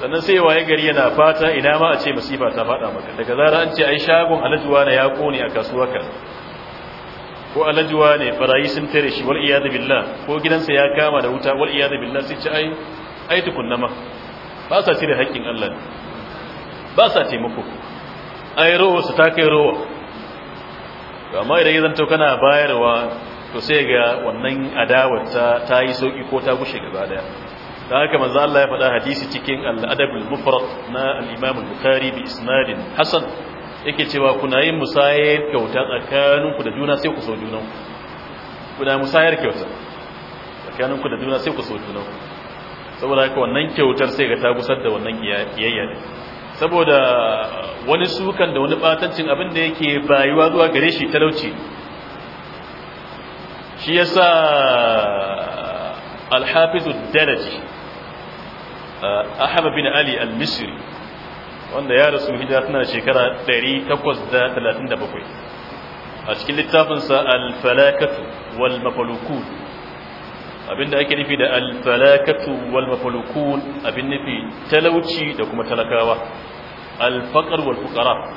sannan sai waye gari yana fata ina ma a ce masifa ta faɗa maka daga zara an ce ai shagon alajuwa na ya kone a kasuwa ka ko alajuwa ne barayi sun tare shi wal iyad billah ko gidansa ya kama da wuta wal iyad billah sai ce ai ai tukunna ma ba sa da haƙƙin Allah ba sa taimako ai rawo su ta kai rowa to amma idan ya zanto kana bayarwa to sai ga wannan adawar ta ta yi sauki ko ta gushe gaba daya da haka manzo Allah ya faɗa hadisi cikin al-adab al-mufrad na al-imam al-bukhari bi isnadin hasan yake cewa kuna yin musayar kyauta tsakaninku da juna sai ku so junanku kuna musayar kyauta tsakaninku da juna sai ku so junanku saboda haka wannan kyautar sai ga ta gusar da wannan kiyayya ne saboda wani sukan da wani batancin abin da yake bayuwa zuwa gare shi talauci shi ya sa alhafizu daraji ahmad bin ali al-misri wanda ya rasu hijira tana shekara 837 a cikin littafinsa al-falakatu wal mafalukun Abin da ake nufi da alfalakatu wal mafalukun abin nufi talauci da kuma talakawa alfaqar wal fuqara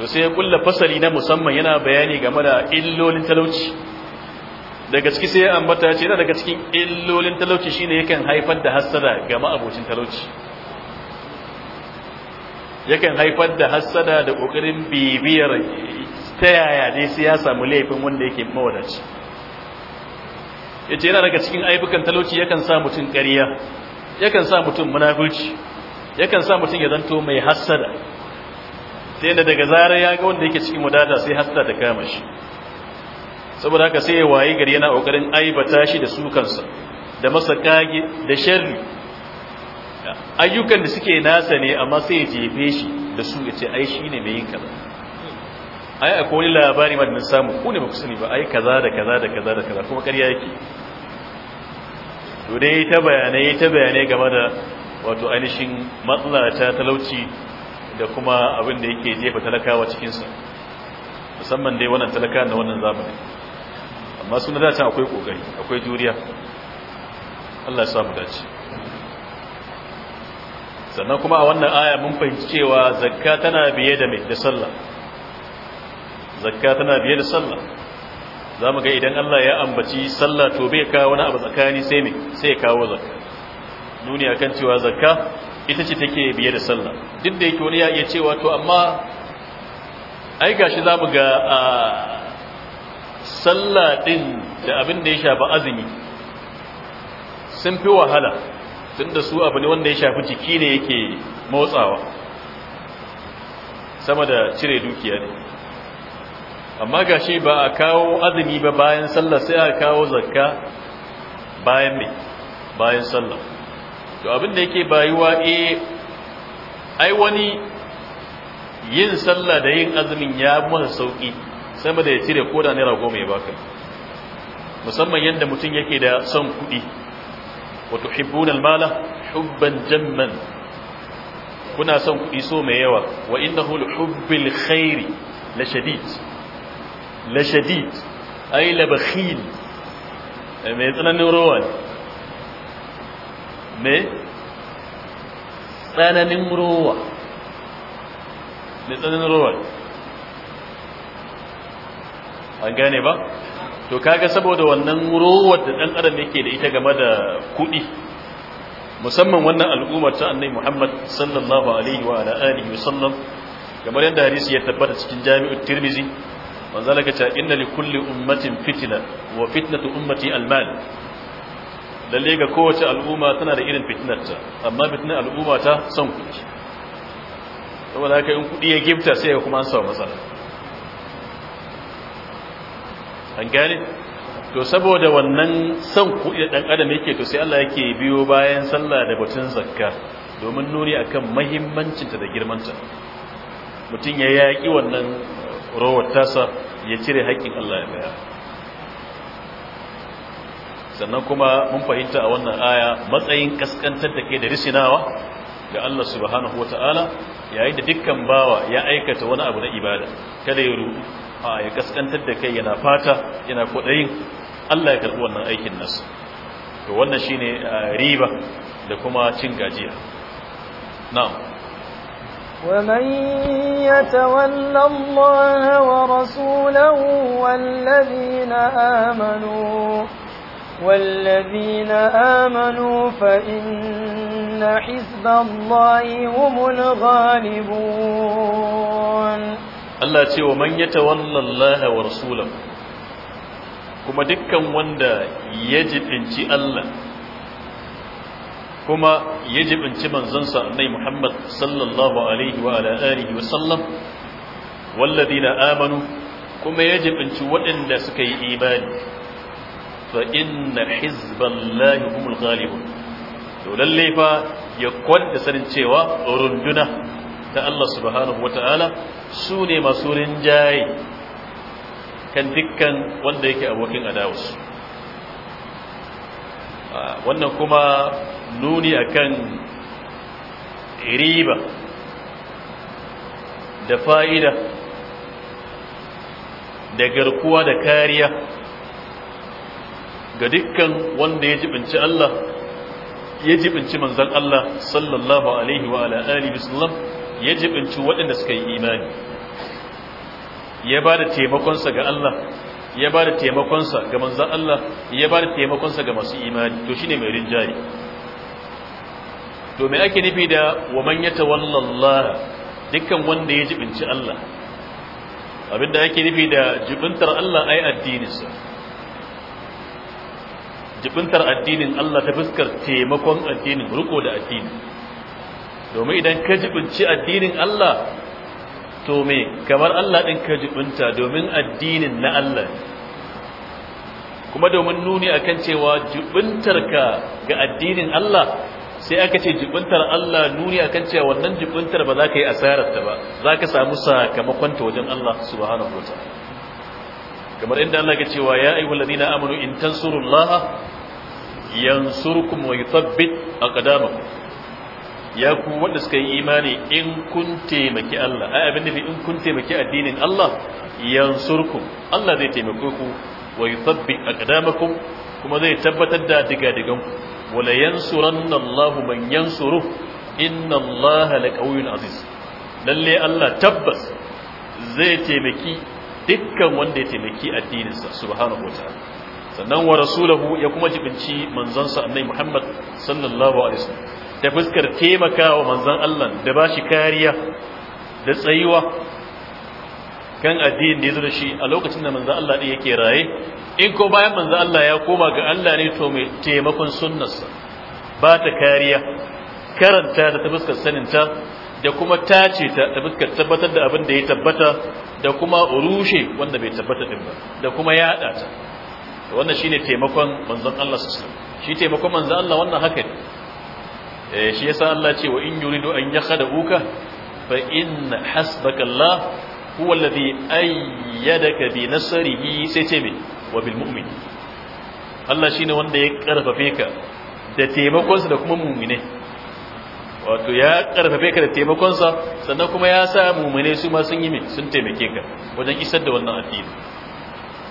to sai ya kulla fasali na musamman yana bayani game da illolin talauci daga ciki sai ya ambata ce yana daga cikin illolin talauci shine yakan haifar da hasada ga ma'abocin talauci yakan haifar da hassada da kokarin bibiyar ta yaya dai sai ya samu laifin wanda yake mawadaci ya ce yana daga cikin aibukan talauci yakan sa mutum ƙariya yakan sa mutum munafurci yakan sa mutum ya zanto mai hassada ta yadda daga zarar ya ga wanda yake cikin wadata sai hassada ta kama shi saboda haka sai ya wayi gari yana ƙoƙarin aibata shi da sukansa da masa kage da sharri ayyukan da suke nasa ne amma sai ya jefe shi da su ya ce ai shi ne mai yin kaza ai akwai wani labari madin samu ku ne ba ku sani ba ai kaza da kaza da kaza da kaza kuma ƙarya yake to dai ta bayanai ta bayanai game da wato ainihin matsala ta talauci da kuma abin da yake jefa talakawa cikinsa musamman dai wannan talaka na wannan zamani amma suna dace akwai kokari akwai juriya Allah ya samu dace sannan kuma a wannan aya mun fahimci cewa zakka tana biye da mai da sallah zakka tana biye da sallah za mu ga idan Allah ya ambaci sallah to bai kawo wani abu tsakani sai me sai ya kawo zakka duniya akan cewa zakka ita ce take biye da sallah duk da yake wani ya iya cewa to amma ai gashi za mu ga a sallah din da abin da ya shafi azumi sun fi wahala tunda su abu ne wanda ya shafi jiki ne yake motsawa sama da cire dukiya ne amma ga shi ba a kawo azumi ba bayan sallah sai a kawo zakka bayan mai bayan sallah to abinda da yake bayuwa e ai wani yin sallah da yin azumin ya masa sauki sama da ya cire koda naira goma ya baka musamman yadda mutum yake da son kuɗi wato hibbun almala hubban jamman kuna son kuɗi so mai yawa wa innahu hubbil khairi la shadid Lashadid. shadid ay la bakhil mai tsananin rowa mai tsananin rowa mai tsananin rowa an gane ba to kaga saboda wannan rowar da dan adam yake da ita game da kuɗi musamman wannan al'ummar ta annabi Muhammad sallallahu alaihi wa ala alihi wasallam kamar yadda hadisi ya tabbata cikin Jami'ut Tirmidhi manzo Allah ce inna li kulli ummatin fitina wa fitnatu ummati almal lalle ga kowace al'umma tana da irin fitinar ta, amma fitinar al'umma ta son kuɗi saboda haka in kuɗi ya gifta sai ya kuma an sawa matsala an gane to saboda wannan son kuɗi da ɗan adam yake to sai Allah yake biyo bayan sallah da batun zakka domin nuni akan mahimmancinta da girmanta mutum ya yaƙi wannan rowar tasa ya cire haƙƙin Allah ya bayar sannan kuma mun fahimta a wannan aya matsayin kaskantar da ke da risinawa ga Allah subhanahu wata'ala yayin da dukkan bawa ya aikata wani abu na ibada kada ya a'a a ya kaskantar da kai yana fata yana kwaɗayin Allah ya karɓi wannan aikin nasu to wannan shine riba da kuma cin gajiya na'am ومن يتول الله ورسوله والذين آمنوا والذين آمنوا فإن حزب الله هم الغالبون الله تي ومن man الله ورسوله كما دكا kuma يجب انتي الله kuma ya jibinci manzansa annai Muhammad sallallahu alaihi wa ala alihi wa sallam na amanu kuma ya jibinci waɗanda suka yi imani fa inna hizballahi humul ghalibun to lalle fa ya kwanta sanin cewa runduna ta Allah subhanahu wata'ala su ne masu rinjaye kan dukkan wanda yake abokin adawarsu Ah, wannan kuma nuni akan riba da fa'ida da garkuwa da kariya ga dukkan wanda ya jibinci Allah ya jibinci manzan Allah sallallahu alaihi wa ala'ali bisallam ya jibinci waɗanda suka yi imani ya ba da taimakonsa ga Allah ya ba da taimakonsa ga manzan Allah ya ba da taimakonsa ga masu imani to shine mai rinjari. to me ake nufi da wa man yatawalla Allah dukkan wanda ya jibinci Allah abinda ake nufi da jibintar Allah ai addininsa jibintar addinin Allah ta fuskar taimakon addinin riko da addini domin idan ka jibinci addinin Allah to me kamar Allah ɗin ka jibinta domin addinin na Allah kuma domin nuni kan cewa jibintarka ga addinin Allah sai aka ce jibintar Allah nuni akan cewa wannan jibintar ba za ka yi asararta ba za ka samu sakamakon wajen Allah subhanahu wa kamar inda Allah ke cewa ya ayyuhal na amanu in tansurullaha yansurkum wa a aqdamakum ya ku wanda suka yi imani in kun taimaki Allah ai abin nufi in kun taimaki addinin Allah yansurkum Allah zai taimake ku wa yuthabbit aqdamakum kuma zai tabbatar da diga digan ku wala yansuranna Allahu man yansuru inna Allaha laqawiyyun aziz lalle Allah tabbas zai taimaki dukkan wanda ya taimaki addininsa subhanahu wataala sannan wa rasulahu ya kuma jibinci manzansa annabi Muhammad sallallahu alaihi wasallam da fuskar taimakawa manzon Allah da ba shi kariya da tsayuwa kan addinin da ya zo da shi a lokacin da manzon Allah ɗin yake raye in ko bayan manzon Allah ya koma ga Allah ne to mai taimakon sunnarsa ba ta kariya karanta da ta fuskar saninta da kuma tace ta da fuskar tabbatar da abin da ya tabbata da kuma rushe wanda bai tabbata din ba da kuma yada ta wannan shine taimakon manzon Allah sallallahu alaihi wasallam shi taimakon manzon Allah wannan haka ne Eh, shi yasa Allah ce wa in yuridu an uka, fa in hasbaka Allah huwa alladhi ayyadaka bi nasrihi sai ce me wa bil mu'min Allah shine wanda ya karfafe ka da taimakonsa da kuma mu'mine wato ya karfafe ka da taimakonsa sannan kuma ya sa mu'mine su ma sun yi me sun taimake ka wajen isar da wannan addini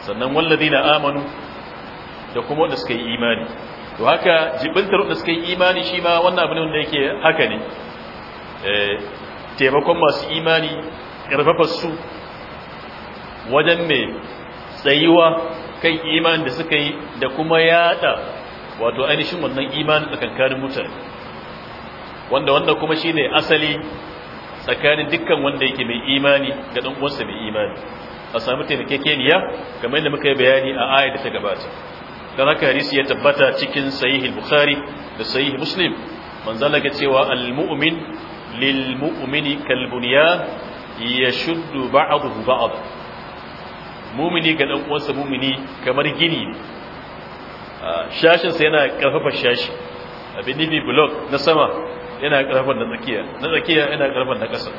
sannan wallazina amanu da kuma wanda suka yi imani to haka jibintar da suka yi imani shi ma wannan abin wanda yake haka ne eh, taimakon masu imani ƙarfafa su wajen mai tsayuwa kan imani da suka yi da kuma yada wato ainihin wannan imanin tsakankanin mutane wanda wanda kuma shi ne asali tsakanin dukkan wanda yake mai imani da ɗan uwansa mai imani a samu taimakekeniya kamar yadda muka yi bayani a ayar da ta gabata dan haka hadisi ya tabbata cikin sahihul bukhari da sahih muslim manzala ga cewa almu'min lilmu'mini kalbunyan yashuddu ba'dahu ba'd mu'mini ga dan uwansa mu'mini kamar gini ne shashin sa yana karfafa shashi abin nufi block na sama yana karfan na tsakiya na tsakiya yana karfan na ƙasa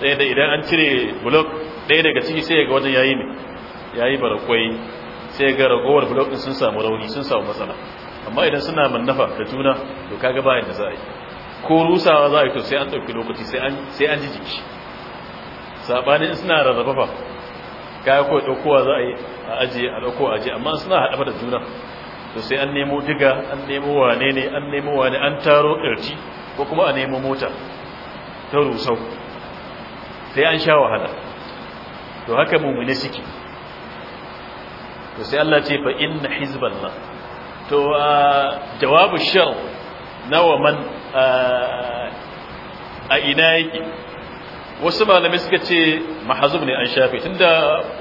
ɗaya da idan an cire block ɗaya daga ciki sai ga wajen yayi ne yayi barakwai sai ga ragowar blok sun samu rauni sun samu matsala amma idan suna mannafa da juna to kaga bayan da za a yi ko rusawa za a yi to sai an ɗauki lokaci sai an ji jiki saɓanin suna rarraba fa kaga ko ɗaukowa za a yi a ajiye a ɗaukowa ajiye amma suna haɗafa da juna to sai an nemo diga an nemo wane ne an nemo wane an taro ƙarci ko kuma a nemo mota ta rusau sai an sha wahala to haka mummune suke to sai Allah ce fa inna hizballah to jawabu shar nawa man a ina yake wasu malami suka ce mahazub ne an shafe tunda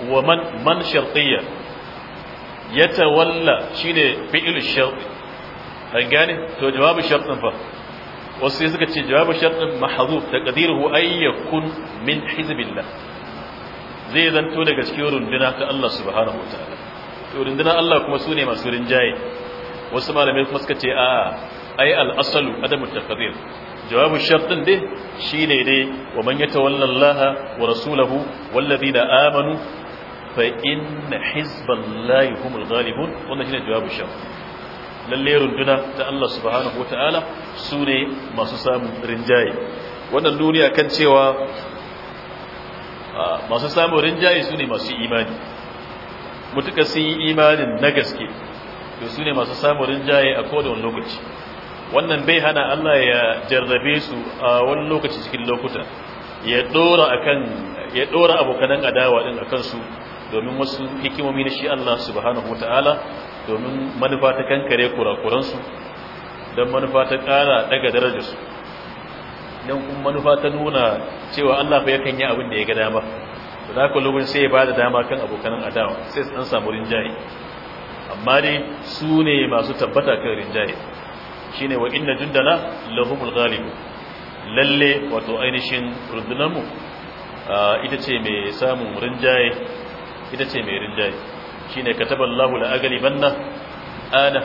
wa man man shartiyya yatawalla shine fi'il shart an gane to jawabu shartin fa wasu suka ce jawabu shartin mahazub taqdiruhu ay yakun min hizbillah zai zanto daga cikin runduna ta Allah subhanahu wataala to rundunar Allah kuma su ne masu rinjaye wasu malamai kuma suka ce a ai al'asalu adamu tafazir jawabu shartin dai shi ne dai wa man yata Laha, wa rasulahu wallafi da amanu fa inna layi humul galibun. wannan ne jawabu shartin lalle runduna ta Allah subhanahu wataala su ne masu samun rinjaye wannan duniya kan cewa masu samun rinjaye su ne masu imani mutuka sun yi imanin na gaske to su ne masu samun rinjaye a kodon lokaci wannan bai hana Allah ya jarrabe su a wani lokaci cikin lokuta ya dora abokanan adawa din akan su domin wasu hikimomi na shi Allah subhanahu wataala domin manufa ta kankare kurakuran su dan manufa ta kara daga darajar su kuma manufa ta nuna cewa Allah fa yakan yi abin da ya ga dama to da haka sai ya bada dama kan abokan adawa sai su samu rinjaye amma dai su ne masu tabbata kan rinjaye shine wa inna jundana lahumul ghalibu lalle wato ainihin rundunarmu ita ce mai samun rinjaye ita ce mai rinjaye shine kataballahu la aghlibanna ana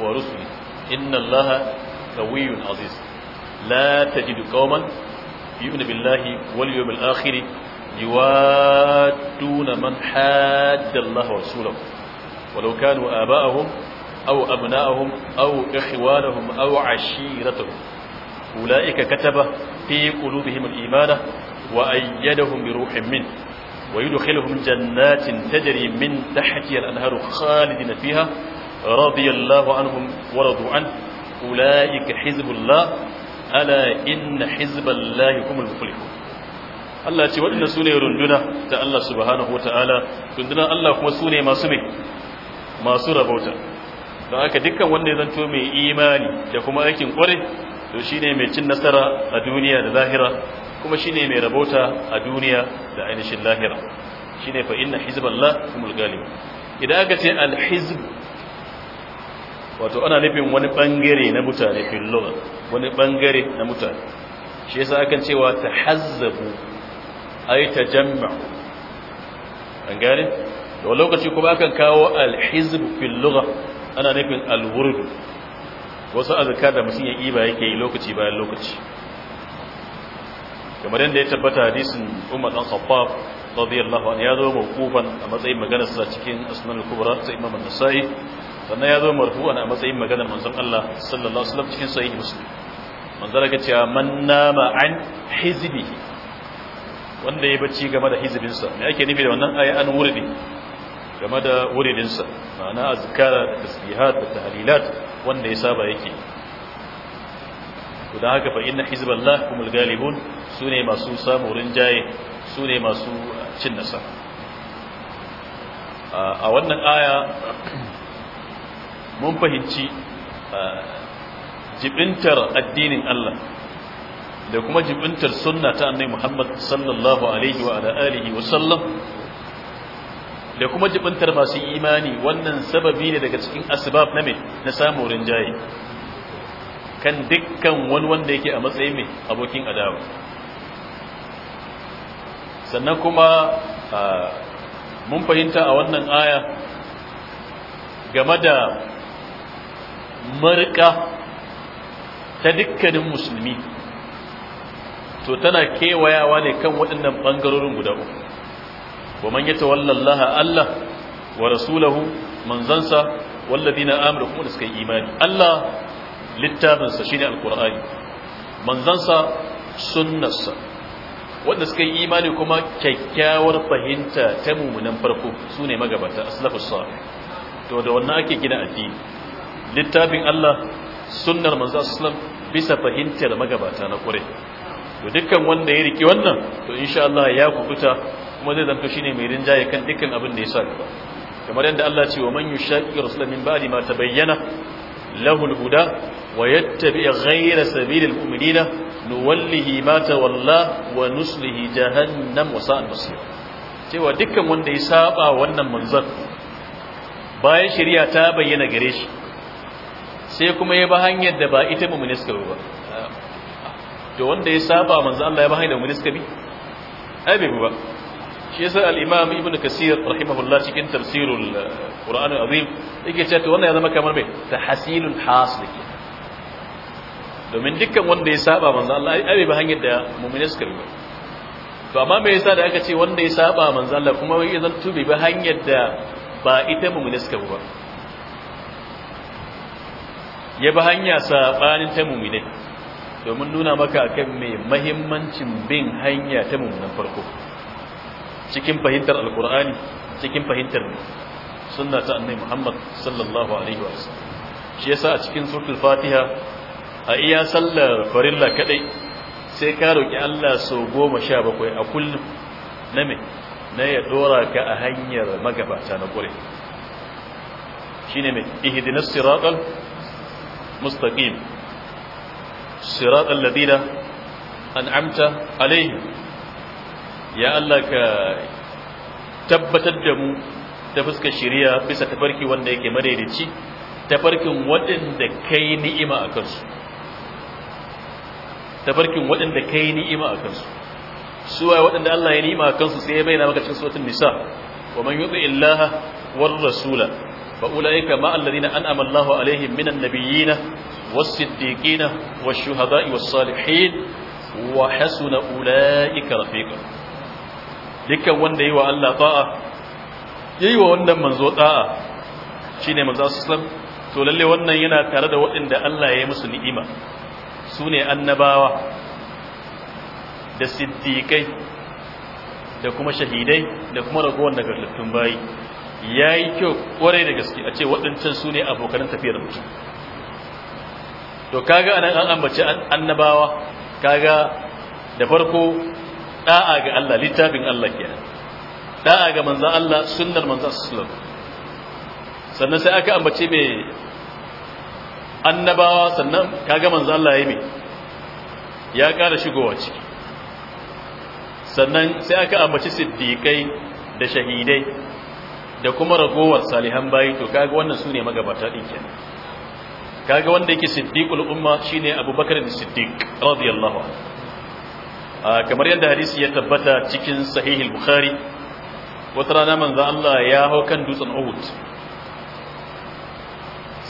wa rusuli inna allaha qawiyyun aziz la tajidu qauman yu'minu billahi wal yawmil akhir يوادون من حاد الله ورسوله ولو كانوا آباءهم أو أبناءهم أو إخوانهم أو عشيرتهم أولئك كتب في قلوبهم الإيمان وأيدهم بروح منه ويدخلهم جنات تجري من تحتها الأنهار خالدين فيها رضي الله عنهم ورضوا عنه أولئك حزب الله ألا إن حزب الله هم المفلحون Allah ce waɗanda su ne runduna ta Allah subhanahu wa ta'ala rundunar Allah kuma su ne masu mai masu rabauta don haka dukkan wanda ya zanto mai imani da kuma aikin kwarai to shi ne mai cin nasara a duniya da lahira kuma shi ne mai rabauta a duniya da ainihin lahira shi ne fa'in na hizballah kuma galibu idan aka ce alhizb wato ana nufin wani bangare na mutane fillowa wani bangare na mutane shi yasa akan cewa ta hazzabu ay tajammu an gane da lokaci kuma akan kawo al-hizb fil lugha ana nufin al-wurd wasu azkar da mutum ya iba yake yi lokaci bayan lokaci kamar yadda ya tabbata hadisin Umar dan Khattab radiyallahu anhu ya zo mawqufan a matsayin magana sa cikin Asnan al-Kubra sai Imam an-Nasa'i sannan ya zo marfu'an a matsayin maganar manzon Allah sallallahu alaihi wasallam cikin sahih Muslim manzara ga cewa man nama an hizbihi wanda ya bacci game da hizibinsa me ake nufi da wannan ayi an game da wuridinsa ma'ana azkara da tasbihat da tahlilat wanda ya saba yake to dan haka fa inna hizballah humul galibun ne masu jaye, su ne masu cin nasa a wannan aya mun fahimci jibintar addinin Allah da kuma jibintar sunna ta annai muhammad sallallahu alaihi wa alihi wa sallam da kuma jibintar masu imani wannan sababi ne daga cikin asbab na me na samun rinjaye kan dukkan wani wanda yake a matsayin mai abokin adawa sannan kuma mun fahimta a wannan aya game da marka ta dukkanin musulmi to tana kewayawa ne kan waɗannan ɓangarorin guda uku wa man yata wallallaha Allah wa rasulahu manzansa walladina amru kuma da suka yi imani Allah littafinsa shine alqur'ani manzansa sunnarsa wanda suka yi imani kuma kyakkyawar fahimta ta mumunan farko Su sune magabata aslafus salih to da wannan ake gina addini littafin Allah sunnar manzo sallam bisa fahimtar magabata na kure to dukkan wanda ya riki wannan to insha Allah ya kubuta kuma zai zanto shine mai rinjaye kan dukkan abin da ya sa gaba kamar yadda Allah ce wa man yushaqi rasulan min ba'di ma tabayyana lahu al-huda wa yattabi ghayra sabilil mu'minina nuwallihi ma tawalla wa nuslihi jahannam wa sa'at masir cewa dukkan wanda ya saba wannan manzon bayan shari'a ta bayyana gare shi sai kuma ya ba hanyar da ba ita mu'mini suka ba to wanda ya saba manzo Allah ya ba hanyar da suka bi ai bai ba shi yasa al-imam ibnu kasir rahimahullah cikin tafsirul eh, qur'an azim yake cewa to wannan ya zama kamar mai tahsilul hasil domin dukkan wanda ya saba manzo Allah ai bai ba hanyar da mu'mini suka bi ba to amma me yasa da aka ce wanda ya saba manzo Allah kuma ya zanto bai ba hanyar da ba ita mu'mini suka bi ba ya ba hanya sabanin ta mu'mini domin nuna maka akan mai mahimmancin bin hanya ta mummunan farko cikin fahimtar alkur'ani cikin fahimtar sunna ta annai Muhammad sallallahu alaihi wasallam shi yasa a cikin suratul fatiha a iya sallar farilla kadai sai ka roki Allah so bakwai a kullum na mai na ya dora ka a hanyar magabata na kure shine me ihdinas siratal mustaqim siratal ladina an'amta alaihim ya Allah ka tabbatar da mu ta fuskar shari'a bisa tafarki wanda yake madaidaici tafarkin waɗanda kai ni'ima a kansu a kansu suwa waɗanda Allah ya ni'ima a kansu sai ya bayyana maka cikin suratul nisa wa man yuti rasula fa ulaika ma alladhina an'ama Allahu alaihim minan والصديقين والشهداء والصالحين وحسن أولئك رفيقا لك وان يوى الله طاعة يوى وان منزو طاعة شيني منزو السلام تولي وان ينا تارد وان دا الله يمس نئيما سوني النباوة da siddiƙai da kuma shahidai da kuma ragowar littun bayi ya yi kyau ƙwarai da gaske a ce waɗancan su ne abokanan tafiyar mutum to kaga anan an ambaci annabawa kaga da farko da'a ga Allah littafin Allah kenan da'a ga manzon Allah sunnar manzon sallallahu sannan sai aka ambace mai annabawa sannan kaga manzon Allah yayi mai ya ƙara shigowa ciki sannan sai aka ambaci siddiqai da shahidai da kuma ragowar salihan bayi to kaga wannan su ne magabata ɗin kenan kaga wanda yake siddiqul umma shine abubakar as-siddiq radiyallahu anhu ah, kamar yadda hadisi ya tabbata cikin sahih al-bukhari wata rana manzo Allah ya hau kan dutsen Uhud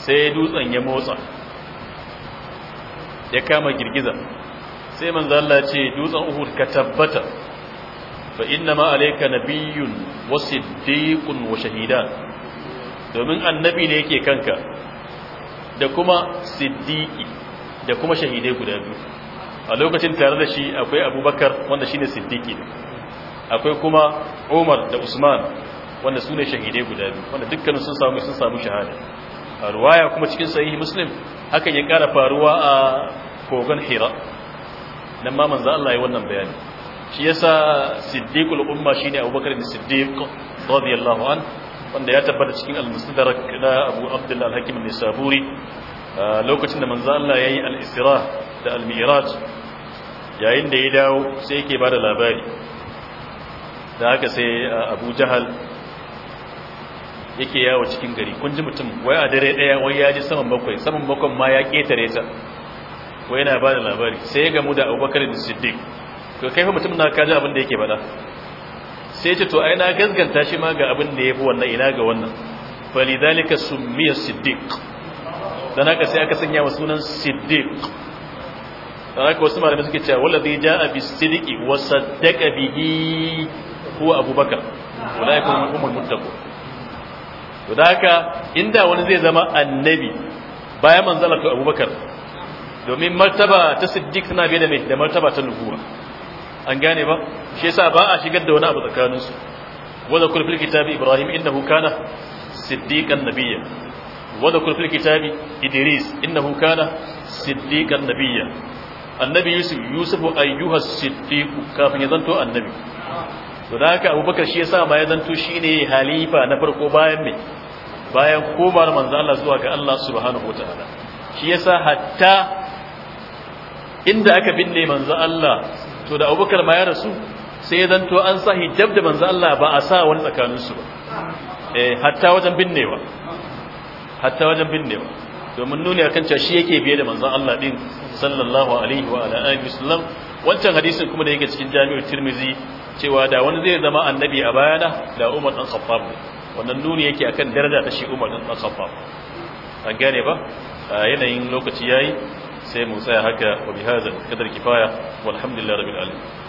sai dutsen ya motsa ya kama girgiza sai manzo Allah ya ce dutsen Uhud ka tabbata fa inna alayka nabiyyun wa siddiqun wa shahidan domin annabi ne yake kanka da kuma siddiqi da kuma shahidai guda biyu a lokacin tare da shi akwai abubakar wanda shine siddiqi akwai kuma umar da usman wanda su ne shahidai guda biyu wanda dukkanin sun samu sun samu shahada a ruwaya kuma cikin sahihi muslim hakan ya kara faruwa a kogon hira nan ma manzo Allah ya wannan bayani shi yasa siddiqul umma shine abubakar da siddiq radiyallahu anhu wanda ya tabbata cikin al-mustadrak da Abu Abdullah al-Hakim an-Nisaburi lokacin da manzo Allah yayi al-Isra da al-Mi'raj yayin da ya dawo sai yake bada labari da haka sai Abu Jahal yake yawo cikin gari kun ji mutum wai a dare daya wai ya ji saman bakwai saman bakwan ma ya ketare ta wai yana bada labari sai ya gamu da Abubakar da Siddiq to kai fa mutum na kaji abin da yake bada sai ce to ai na gazganta shi ma ga abin da yafi wannan ina ga wannan falidhalika summiya siddiq dan haka sai aka sanya wa sunan siddiq dan haka wasu malamai suke cewa wallazi jaa bi siddiqi wa saddaqa bihi huwa abubakar ulaikum humul muttaqun to dan haka inda wani zai zama annabi bayan manzalar abubakar domin martaba ta siddiq tana bai da mai da martaba ta nubuwa an gane ba shi yasa ba a shigar da wani abu tsakaninsu wadda kulfil kitabi ibrahim innahu kana siddiqan nabiyya wadda kulfil kitabi idris innahu kana siddiqan nabiyya annabi yusuf yusufu ayyuha siddiqu kafin ya zanto annabi to da haka abubakar shi yasa ma ya zanto shine halifa na farko bayan me bayan komar manzo Allah zuwa ga Allah subhanahu wataala shi yasa hatta inda aka binne manzo Allah to da abubakar ma ya rasu sai ya to an sa hijab da manzo Allah ba a sa wani tsakaninsu ba eh, hatta wajen binnewa hatta wajen binnewa domin nuni akan cewa shi yake biye da manzo Allah din sallallahu alaihi wa ala alihi wasallam wancan hadisin kuma da yake cikin jami'ar Tirmidhi cewa da wani zai zama annabi a bayana da Umar dan Khattab wannan nuni yake akan daraja ta shi Umar dan Khattab an gane ba yanayin lokaci yayi سيموسى هكا وبهذا قدر كفاية والحمد لله رب العالمين